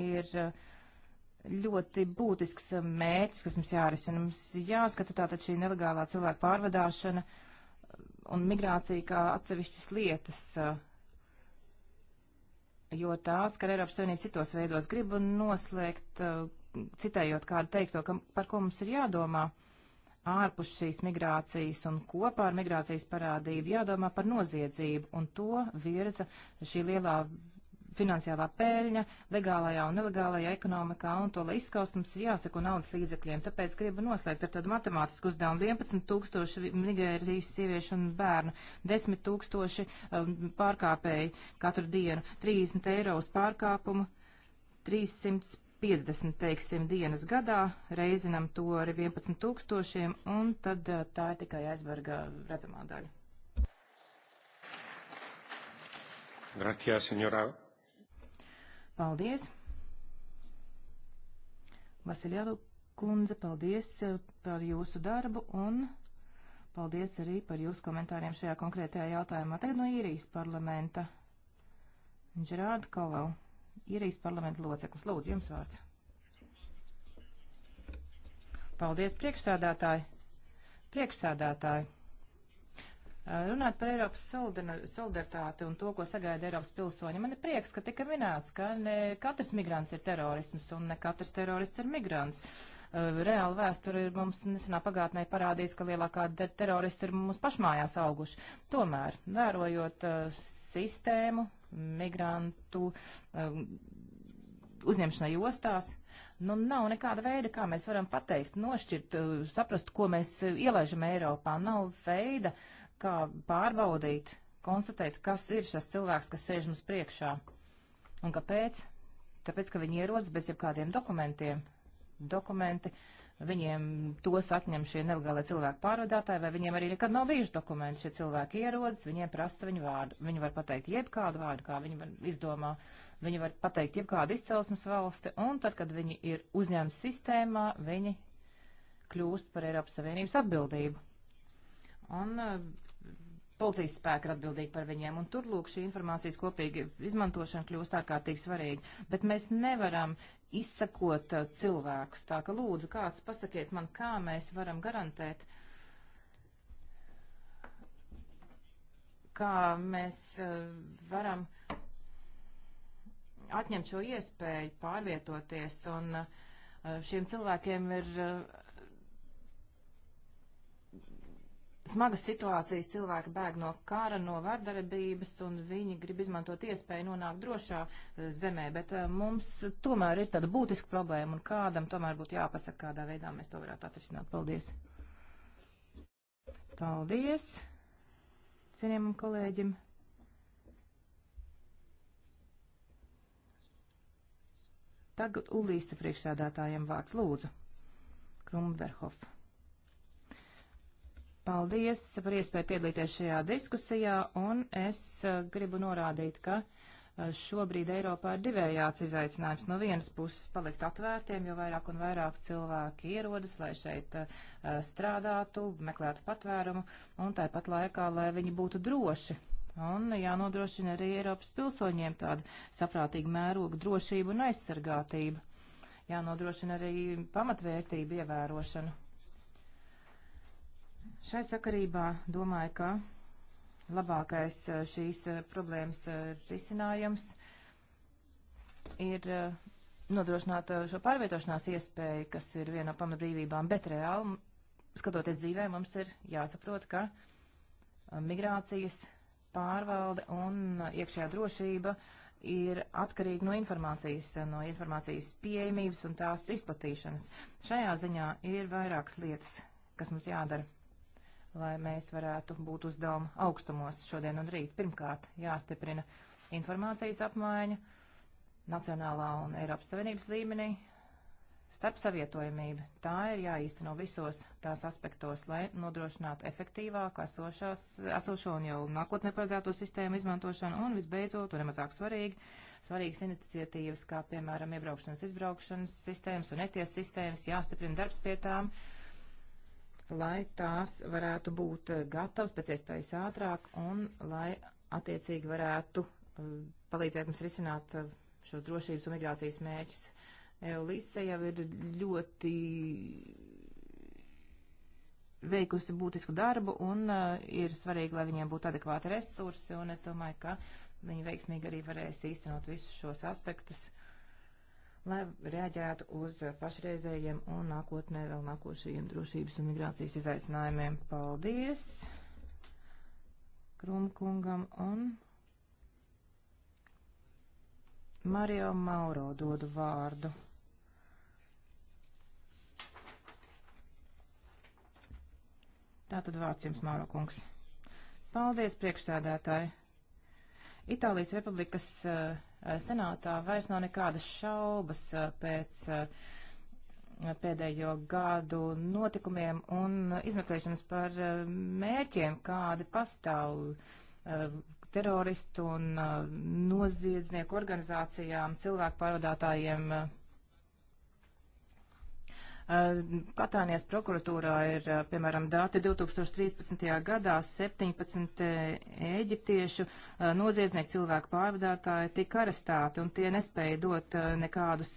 ir ļoti būtisks mērķis, kas mums jārisina. Mums jāskata tātad šī nelegālā cilvēka pārvadāšana. Uh, un migrācija kā atsevišķas lietas, eh, jo tās, ka Eiropas Savienība citos veidos grib noslēgt, eh, citējot kādu teikto, ka, par ko mums ir jādomā ārpus šīs migrācijas un kopā ar migrācijas parādību jādomā par noziedzību, un to virza šī lielā finansiālā pēļņa, legālajā un nelegālajā ekonomikā, un to, lai izskaust, mums ir jāsako naudas līdzekļiem. Tāpēc gribu noslēgt ar tādu matemātisku uzdevumu. 11 tūkstoši Nigērijas sieviešu un bērnu, 10 tūkstoši um, pārkāpēji katru dienu, 30 eiro uz pārkāpumu, 300. 50, teiksim, dienas gadā, reizinam to ar 11 tūkstošiem, un tad uh, tā ir tikai aizvarga redzamā daļa. Gracias, señora Paldies! Vasiljālu kundze, paldies eh, par jūsu darbu un paldies arī par jūsu komentāriem šajā konkrētajā jautājumā. Tagad no īrijas parlamenta. Džerārda Kovel, īrijas parlamenta loceklis. Lūdzu, jums vārds. Paldies, priekšsādātāji! Priekšsādātāji! Runāt par Eiropas solidaritāti un to, ko sagaida Eiropas pilsoņi, man ir prieks, ka tika minēts, ka ne katrs migrants ir terorisms un ne katrs terorists ir migrants. Uh, reāla vēsture ir mums nesenā pagātnē parādījusi, ka lielākā teroristi ir mums pašmājās auguši. Tomēr, vērojot uh, sistēmu, migrantu uh, uzņemšanai ostās, nu, nav nekāda veida, kā mēs varam pateikt, nošķirt, uh, saprast, ko mēs uh, ielaižam Eiropā. Nav veida, uh, kā pārbaudīt, konstatēt, kas ir šis cilvēks, kas sēž mums priekšā. Un kāpēc? Tāpēc, ka viņi ierodas bez jebkādiem dokumentiem. Dokumenti, viņiem tos atņem šie nelegālie cilvēku pārvadātāji, vai viņiem arī nekad nav bijuši dokumenti. Šie cilvēki ierodas, viņiem prasa viņu vārdu. Viņi var pateikt jebkādu vārdu, kā viņi izdomā. Viņi var pateikt jebkādu izcelsmes valsti, un tad, kad viņi ir uzņemti sistēmā, viņi kļūst par Eiropas Savienības atbildību. Un policijas spēki ir atbildīgi par viņiem, un tur, lūk, šī informācijas kopīga izmantošana kļūst ārkārtīgi svarīga, bet mēs nevaram izsakot uh, cilvēkus, tā ka lūdzu, kāds pasakiet man, kā mēs varam garantēt, kā mēs uh, varam atņemt šo iespēju pārvietoties, un uh, šiem cilvēkiem ir smagas situācijas cilvēki bēg no kara, no vardarbības, un viņi grib izmantot iespēju nonākt drošā eh, zemē, bet eh, mums tomēr ir tāda būtiska problēma, un kādam tomēr būtu jāpasaka, kādā veidā mēs to varētu atrisināt. Paldies! Paldies! Cienījumam kolēģim! Tagad Ulīsa priekšsēdētājiem vārds lūdzu. Krumverhofa. Paldies par iespēju piedalīties šajā diskusijā, un es eh, gribu norādīt, ka eh, šobrīd Eiropā ir divējāds izaicinājums. No vienas puses palikt atvērtiem, jo vairāk un vairāk cilvēki ierodas, lai šeit uh, strādātu, meklētu patvērumu, un tāpat laikā, lai viņi būtu droši. Un jānodrošina arī Eiropas pilsoņiem tāda saprātīga mēroga drošība un aizsargātība. Jānodrošina arī pamatvērtību ievērošanu Šai sakarībā domāju, ka labākais eh, šīs eh, problēmas eh, risinājums ir nodrošināt šo pārvietošanās iespēju, kas ir viena no pamatbrīvībām, bet reāli, skatoties dzīvē, mums ir jāsaprot, ka migrācijas pārvalde un iekšējā drošība ir atkarīga no informācijas, no informācijas pieejamības un tās izplatīšanas. Šajā ziņā ir vairākas lietas, kas mums jādara lai mēs varētu būt uzdevuma augstumos šodien un rīt. Pirmkārt, jāstiprina informācijas apmaiņa nacionālā un Eiropas Savienības līmenī, Starp savietojamību tā ir jāīsteno visos tās aspektos, lai nodrošinātu efektīvāku esošās, esošo un jau nākotnē paredzēto sistēmu izmantošanu un visbeidzot, un nemazāk svarīgi, svarīgas iniciatīvas, kā piemēram iebraukšanas izbraukšanas sistēmas un eties sistēmas, jāstiprina darbs pie tām, uh, lai tās varētu būt eh, gatavas pēc iespējas ātrāk un lai attiecīgi varētu eh, palīdzēt mums risināt eh, šos drošības un migrācijas mērķus. Eulise jau ir ļoti veikusi būtisku darbu un uh, ir svarīgi, lai viņiem būtu adekvāti resursi, un es domāju, ka viņi veiksmīgi arī varēs īstenot visus šos aspektus lai reaģētu uz pašreizējiem un nākotnē vēl nākošajiem drošības un migrācijas izaicinājumiem. Paldies Krumkungam un Mario Mauro dodu vārdu. Tātad vārds jums, Mauro kungs. Paldies, priekšsēdētāji. Itālijas republikas uh, Eh, senātā vairs nav nekādas šaubas eh, pēc eh, pēdējo gadu notikumiem un izmeklēšanas par mērķiem, kādi pastāv teroristu un noziedznieku organizācijām, cilvēku pārvadātājiem, Eh, Katānijas prokuratūrā ir, eh, piemēram, dati 2013. gadā 17 eh, eģiptiešu noziedznieku cilvēku pārvadātāji tika arestāti, un tie nespēja dot nekādus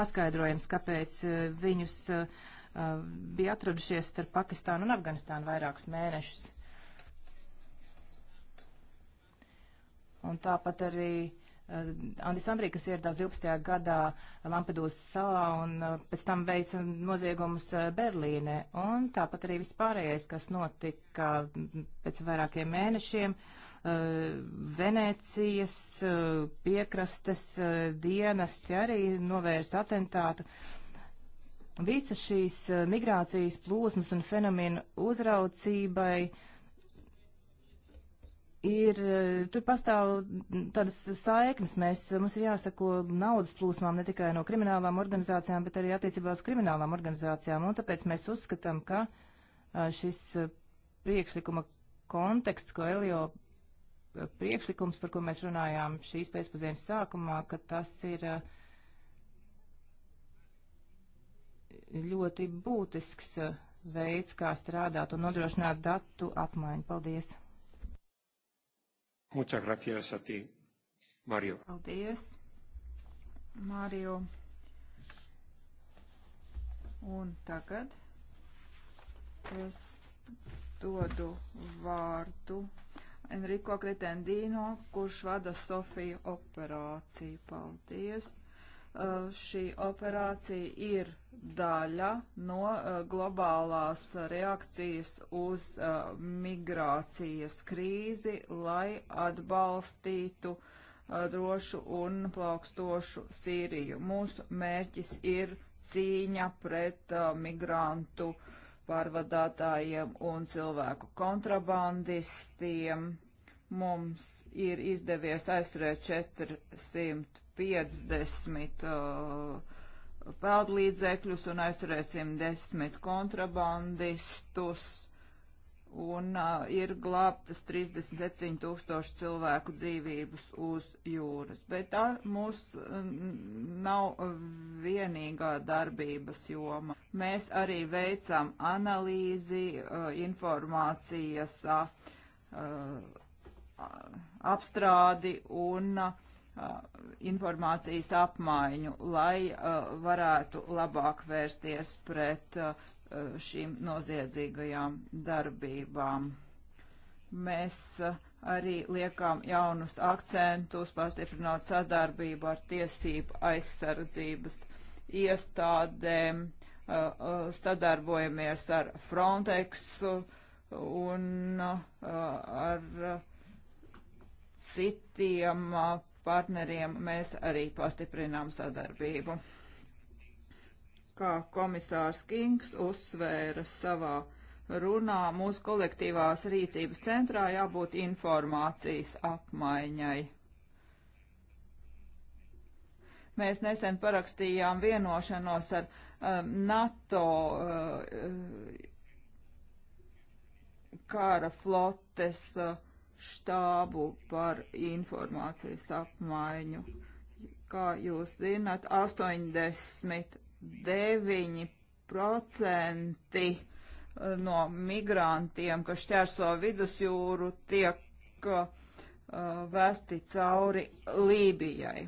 paskaidrojumus, kāpēc viņus bija atradušies starp Pakistānu un Afganistānu vairākus mēnešus. Un tāpat arī Eh, Andis Ambrī, kas ieradās 12. gadā Lampedūzas salā un eh, pēc tam veica noziegumus eh, Berlīnē. Un tāpat arī vispārējais, kas notika mm, pēc vairākiem mēnešiem Venēcijas piekrastes dienesti arī novērsa atentātu. Visas šīs migrācijas plūsmas un fenomenu uzraucībai uh, ir, eh, tur pastāv tādas saiknes, mēs, eh, mums ir jāsako naudas plūsmām ne tikai no kriminālām organizācijām, bet arī attiecībā uz kriminālām organizācijām, un tāpēc mēs uzskatām, ka eh, šis priekšlikuma konteksts, ko Elio priekšlikums, par ko mēs runājām šīs pēcpazienas sākumā, ka tas ir ļoti būtisks veids, kā strādāt un nodrošināt datu apmaiņu. Paldies! Muchas gracias a ti, Mario. Paldies, Mario. Un tagad es dodu vārdu Enrico Kretendino, kurš vada Sofiju operāciju. Paldies! Eh, šī operācija ir daļa no eh, globālās reakcijas uz eh, migrācijas krīzi, lai atbalstītu drošu un plaukstošu Sīriju. Mūsu mērķis ir cīņa pret migrantu pārvadātājiem un cilvēku kontrabandistiem. Mums ir izdevies aizturēt 400 50 uh, peldlīdzekļus un aizturēsim 10 kontrabandistus. Un uh, ir glābtas 37 tūkstoši cilvēku dzīvības uz jūras. Bet tā mūs nav vienīgā darbības joma. Mēs arī veicam analīzi, uh, informācijas uh, uh apstrādi un uh, informācijas apmaiņu, lai uh, varētu labāk vērsties pret uh, šīm noziedzīgajām darbībām. Mēs uh, arī liekām jaunus akcentus, pastiprināt sadarbību ar tiesību aizsardzības iestādēm, sadarbojamies ar Frontexu un ar citiem partneriem mēs arī pastiprinām sadarbību. Kā komisārs Kings uzsvēra savā runā, mūsu kolektīvās rīcības centrā jābūt informācijas apmaiņai. Mēs nesen parakstījām vienošanos ar um, NATO uh, kara flotes uh, štābu par informācijas apmaiņu. Kā jūs zināt, 89% eh, no migrantiem, kas šķērso vidusjūru, tiek uh, eh, vēsti cauri Lībijai.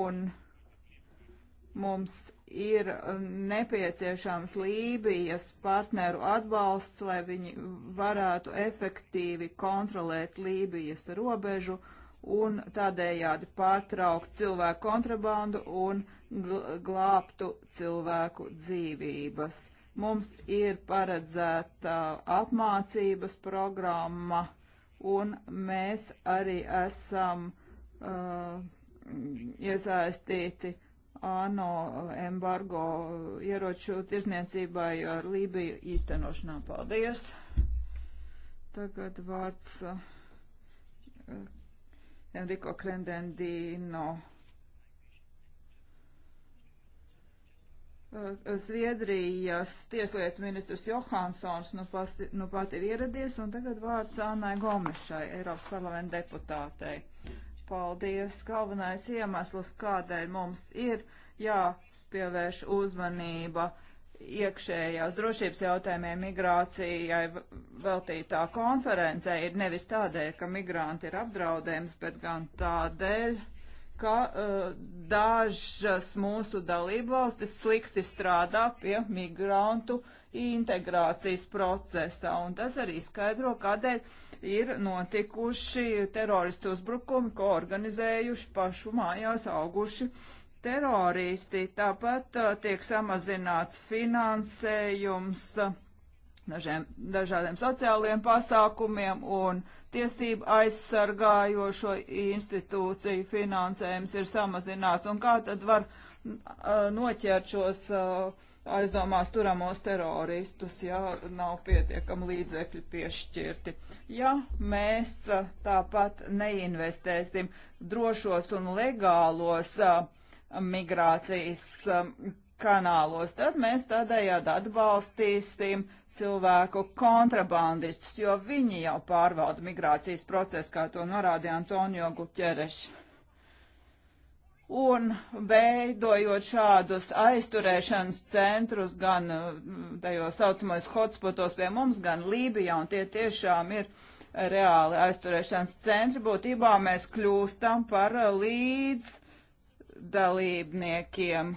Un mums ir um, nepieciešams Lībijas partneru atbalsts, lai viņi varētu efektīvi kontrolēt Lībijas robežu un tādējādi pārtraukt cilvēku kontrabandu un glābtu cilvēku dzīvības. Mums ir paredzēta apmācības programma un mēs arī esam uh, iesaistīti uh, ANO embargo ieroču tirzniecībai ar Lībiju īstenošanā. Paldies! Tagad vārds eh, Enrico Krendendino. Eh, Zviedrijas tieslietu ministrs Johansons nu, pas, nu pat ir ieradies, un tagad vārds Annai Gomešai, Eiropas parlamenta deputātei. Paldies! Galvenais iemesls, kādēļ mums ir jāpievērš uzmanība iekšējās drošības jautājumiem migrācijai veltītā konferencē, ir nevis tādēļ, ka migranti ir apdraudējums, bet gan tādēļ, ka uh, dažas mūsu dalībvalstis slikti strādā pie migrantu integrācijas procesā, un tas arī skaidro, kādēļ ir notikuši teroristu uzbrukumi, ko organizējuši pašu mājās auguši teroristi. Tāpat uh, tiek samazināts finansējums. Uh, dažiem, dažādiem sociāliem pasākumiem un tiesību aizsargājošo institūciju finansējums ir samazināts. Un kā tad var noķert šos aizdomās turamos teroristus, ja nav pietiekami līdzekļi piešķirti. Ja mēs tāpat neinvestēsim drošos un legālos migrācijas kanālos, tad mēs tādējādi atbalstīsim cilvēku kontrabandistus, jo viņi jau pārvalda migrācijas procesu, kā to norādīja Antonio Guķereš. Un veidojot šādus aizturēšanas centrus gan mm, tajos saucamais hotspotos pie mums, gan Lībijā, un tie tiešām ir reāli aizturēšanas centri, būtībā mēs kļūstam par līdz dalībniekiem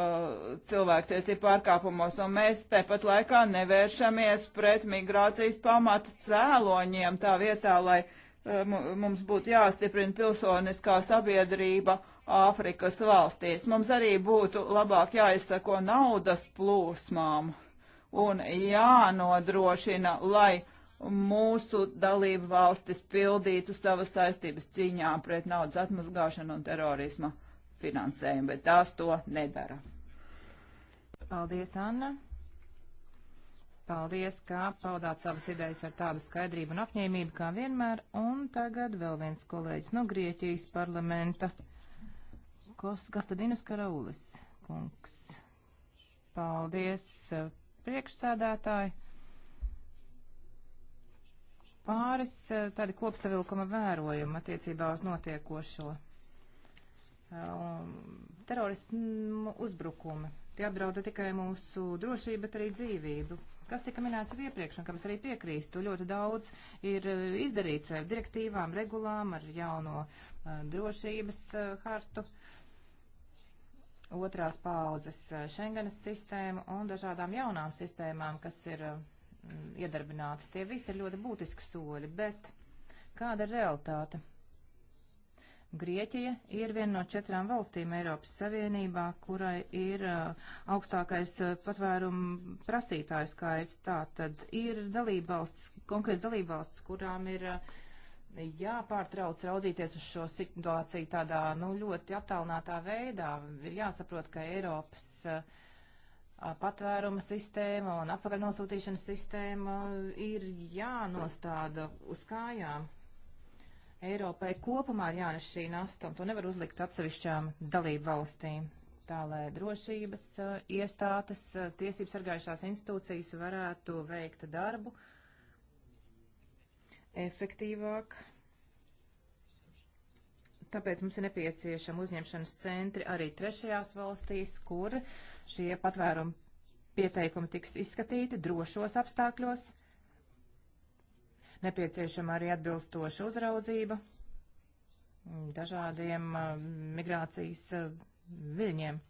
Uh, cilvēktiesību pārkāpumos, un mēs tepat laikā nevēršamies pret migrācijas pamatu cēloņiem tā vietā, lai uh, mums būtu jāstiprina pilsoniskā sabiedrība Āfrikas valstīs. Mums arī būtu labāk jāizsako naudas plūsmām un jānodrošina, lai mūsu dalību valstis pildītu savas saistības cīņā pret naudas atmazgāšanu un terorismu finansējumu, bet tās to nedara. Paldies, Anna! Paldies, ka paudāt savas idejas ar tādu skaidrību un apņēmību kā vienmēr. Un tagad vēl viens kolēģis no Grieķijas parlamenta, Kos Gastadinas Karaulis kungs. Paldies, eh, priekšsādātāji. Pāris eh, tādi kopsavilkuma vērojumi attiecībā uz notiekošo terorismu uzbrukumi. Tie apdrauda tikai mūsu drošību, bet arī dzīvību. Kas tika minēts jau iepriekš un kam es arī piekrīstu, ļoti daudz ir eh, izdarīts ar direktīvām, regulām, ar jauno uh, drošības uh, hartu, otrās paudzes uh, Schengenas sistēmu un dažādām jaunām sistēmām, kas ir iedarbinātas. Tie visi ir ļoti būtiski soļi, bet kāda ir realitāte? Grieķija ir viena no četrām valstīm Eiropas Savienībā, kurai ir uh, augstākais uh, patvērumu prasītāju skaits. Tā tad ir dalībvalsts, konkrēts dalībvalsts, kurām ir uh, jāpārtrauc raudzīties uz šo situāciju tādā nu, ļoti attālinātā veidā. Ir jāsaprot, ka Eiropas uh, patvēruma sistēma un apakaļnosūtīšanas sistēma uh, ir jānostāda uz kājām. Eiropai kopumā ir jānes šī nasta, un to nevar uzlikt atsevišķām dalību valstīm. Tā lai drošības uh, iestātes, uh, tiesības sargājušās institūcijas varētu veikt darbu efektīvāk. Tāpēc mums ir nepieciešama uzņemšanas centri arī trešajās valstīs, kur šie patvērumi pieteikumi tiks izskatīti drošos apstākļos nepieciešama arī atbilstoša uzraudzība dažādiem uh, migrācijas uh, viļņiem.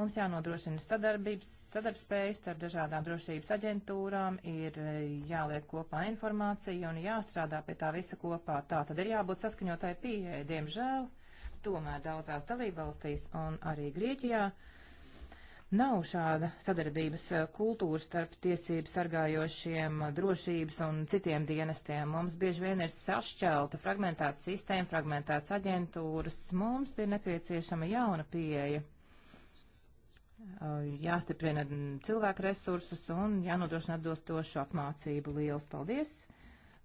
Mums jānodrošina sadarbības, sadarbspējas ar dažādām drošības aģentūrām, ir uh, jāliek kopā informācija un jāstrādā pie tā visa kopā. Tā tad ir jābūt saskaņotai pieejai, diemžēl. Tomēr daudzās dalībvalstīs un arī Grieķijā uh, nav šāda sadarbības eh, kultūra starp tiesību sargājošiem, eh, drošības un citiem dienestiem. Mums bieži vien ir sašķelta, fragmentēta sistēma, fragmentēts aģentūras. Mums ir nepieciešama jauna pieeja. Eh, jāstiprina cilvēku resursus un jānodrošina atbilstošu apmācību. Lielas paldies!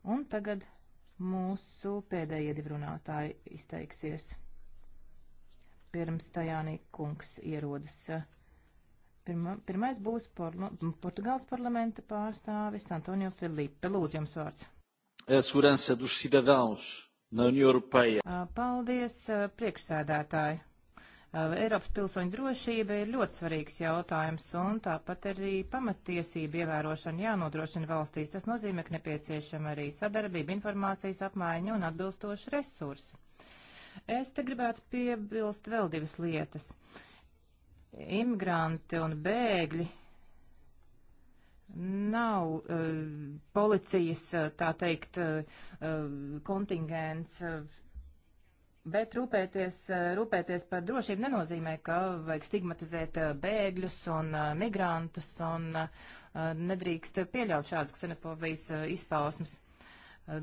Un tagad mūsu pēdējie divi runātāji izteiksies. Pirms Tajānī kungs ierodas. Uh, Pirma, pirmais būs porla, Portugāles parlamenta pārstāvis Antonio Filipe. Lūdzu, jums vārds. Segurança dos cidadãos na União Europeia. Paldies, priekšsēdētāji. Eiropas pilsoņu drošība ir ļoti svarīgs jautājums, un tāpat arī pamatiesība ievērošana jānodrošina valstīs. Tas nozīmē, ka nepieciešama arī sadarbība, informācijas apmaiņa un atbilstoši resursi. Es te gribētu piebilst vēl divas lietas. Uh, imigranti un bēgļi nav uh, policijas, e, tā teikt, uh, kontingents, bet rūpēties, rūpēties par drošību nenozīmē, ka vajag stigmatizēt bēgļus un migrantus un nedrīkst pieļaut šādas ksenofobijas izpausmes.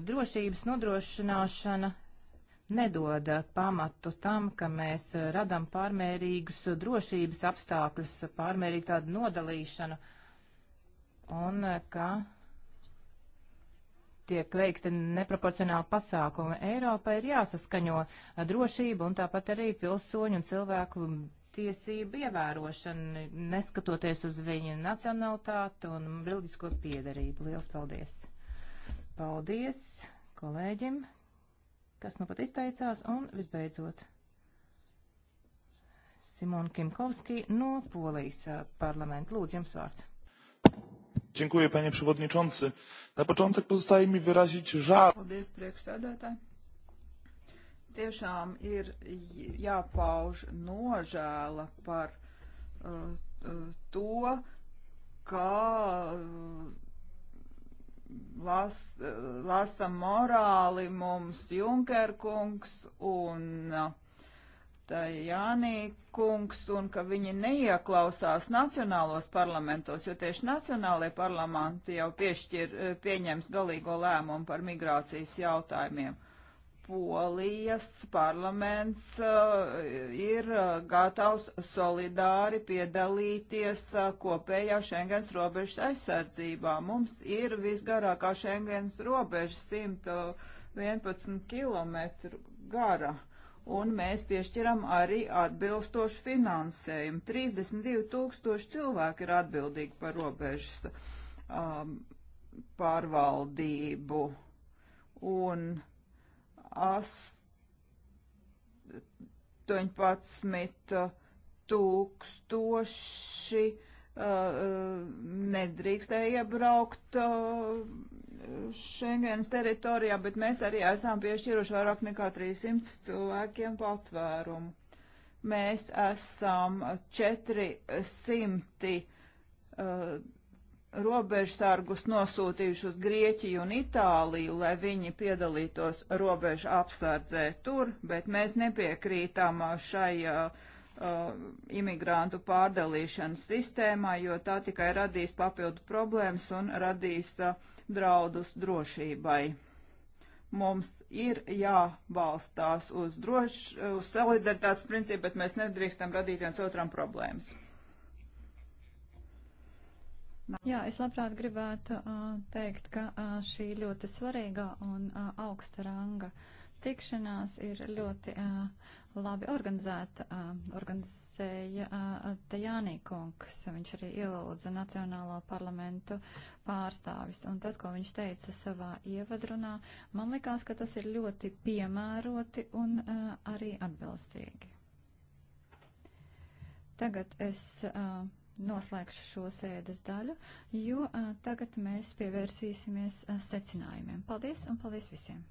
Drošības nodrošināšana nedod eh, pamatu tam, ka mēs eh, radam pārmērīgus eh, drošības apstākļus, pārmērīgu tādu nodalīšanu, un ka tiek veikti neproporcionāli pasākumi. Eiropa ir jāsaskaņo drošību un tāpat arī pilsoņu un cilvēku tiesību ievērošana, neskatoties uz viņu nacionalitāti un reliģisko piedarību. Lielas paldies! Paldies kolēģim, kas nu pat izteicās, un visbeidzot Simona Kimkovski no Polijas eh, parlamenta. Lūdzu, jums vārds. Dziękuję, panie przewodniczący. Na początek pozostaje mi wyrazić żal. Paldies, priekšsēdētāji. Tiešām ir jāpauž nožēla par uh, to, kā uh, las, lasa morāli mums Junkerkungs un uh, Tajānī kungs un ka viņi neieklausās nacionālos parlamentos, jo tieši nacionālajie parlamenti jau piešķir, eh, pieņems galīgo lēmumu par migrācijas jautājumiem. Polijas parlaments uh, ir uh, gatavs solidāri piedalīties uh, kopējā Schengens robežas aizsardzībā. Mums ir visgarākā Schengens robeža 111 km gara un mēs piešķiram arī atbilstošu finansējumu. 32 tūkstoši cilvēki ir atbildīgi par robežas um, pārvaldību. Un 18 tūkstoši uh, uh, nedrīkstēja iebraukt uh, Schengens teritorijā, bet mēs arī esam piešķiruši vairāk nekā 300 cilvēkiem patvērumu. Mēs esam 400 uh, robežsargus nosūtījuši uz Grieķiju un Itāliju, lai viņi piedalītos robežu apsardzē tur, bet mēs nepiekrītam uh, šai uh, uh, imigrantu pārdalīšanas sistēmai, jo tā tikai radīs papildu problēmas un radīs uh, draudus drošībai. Mums ir jābalstās uz, droš, uz solidaritātes principu, bet mēs nedrīkstam radīt viens otram problēmas. Jā, es labprāt gribētu uh, teikt, ka uh, šī ļoti svarīgā un uh, augsta ranga tikšanās ir ļoti uh, labi organizēta. Uh, organizēja uh, Tajānī kungs, viņš arī ielūdza Nacionālo parlamentu pārstāvis. Un tas, ko viņš teica savā ievadrunā, man likās, ka tas ir ļoti piemēroti un uh, arī atbilstīgi. Tagad es. Uh, noslēgšu šo sēdes daļu, jo tagad mēs pievērsīsimies secinājumiem. Paldies un paldies visiem!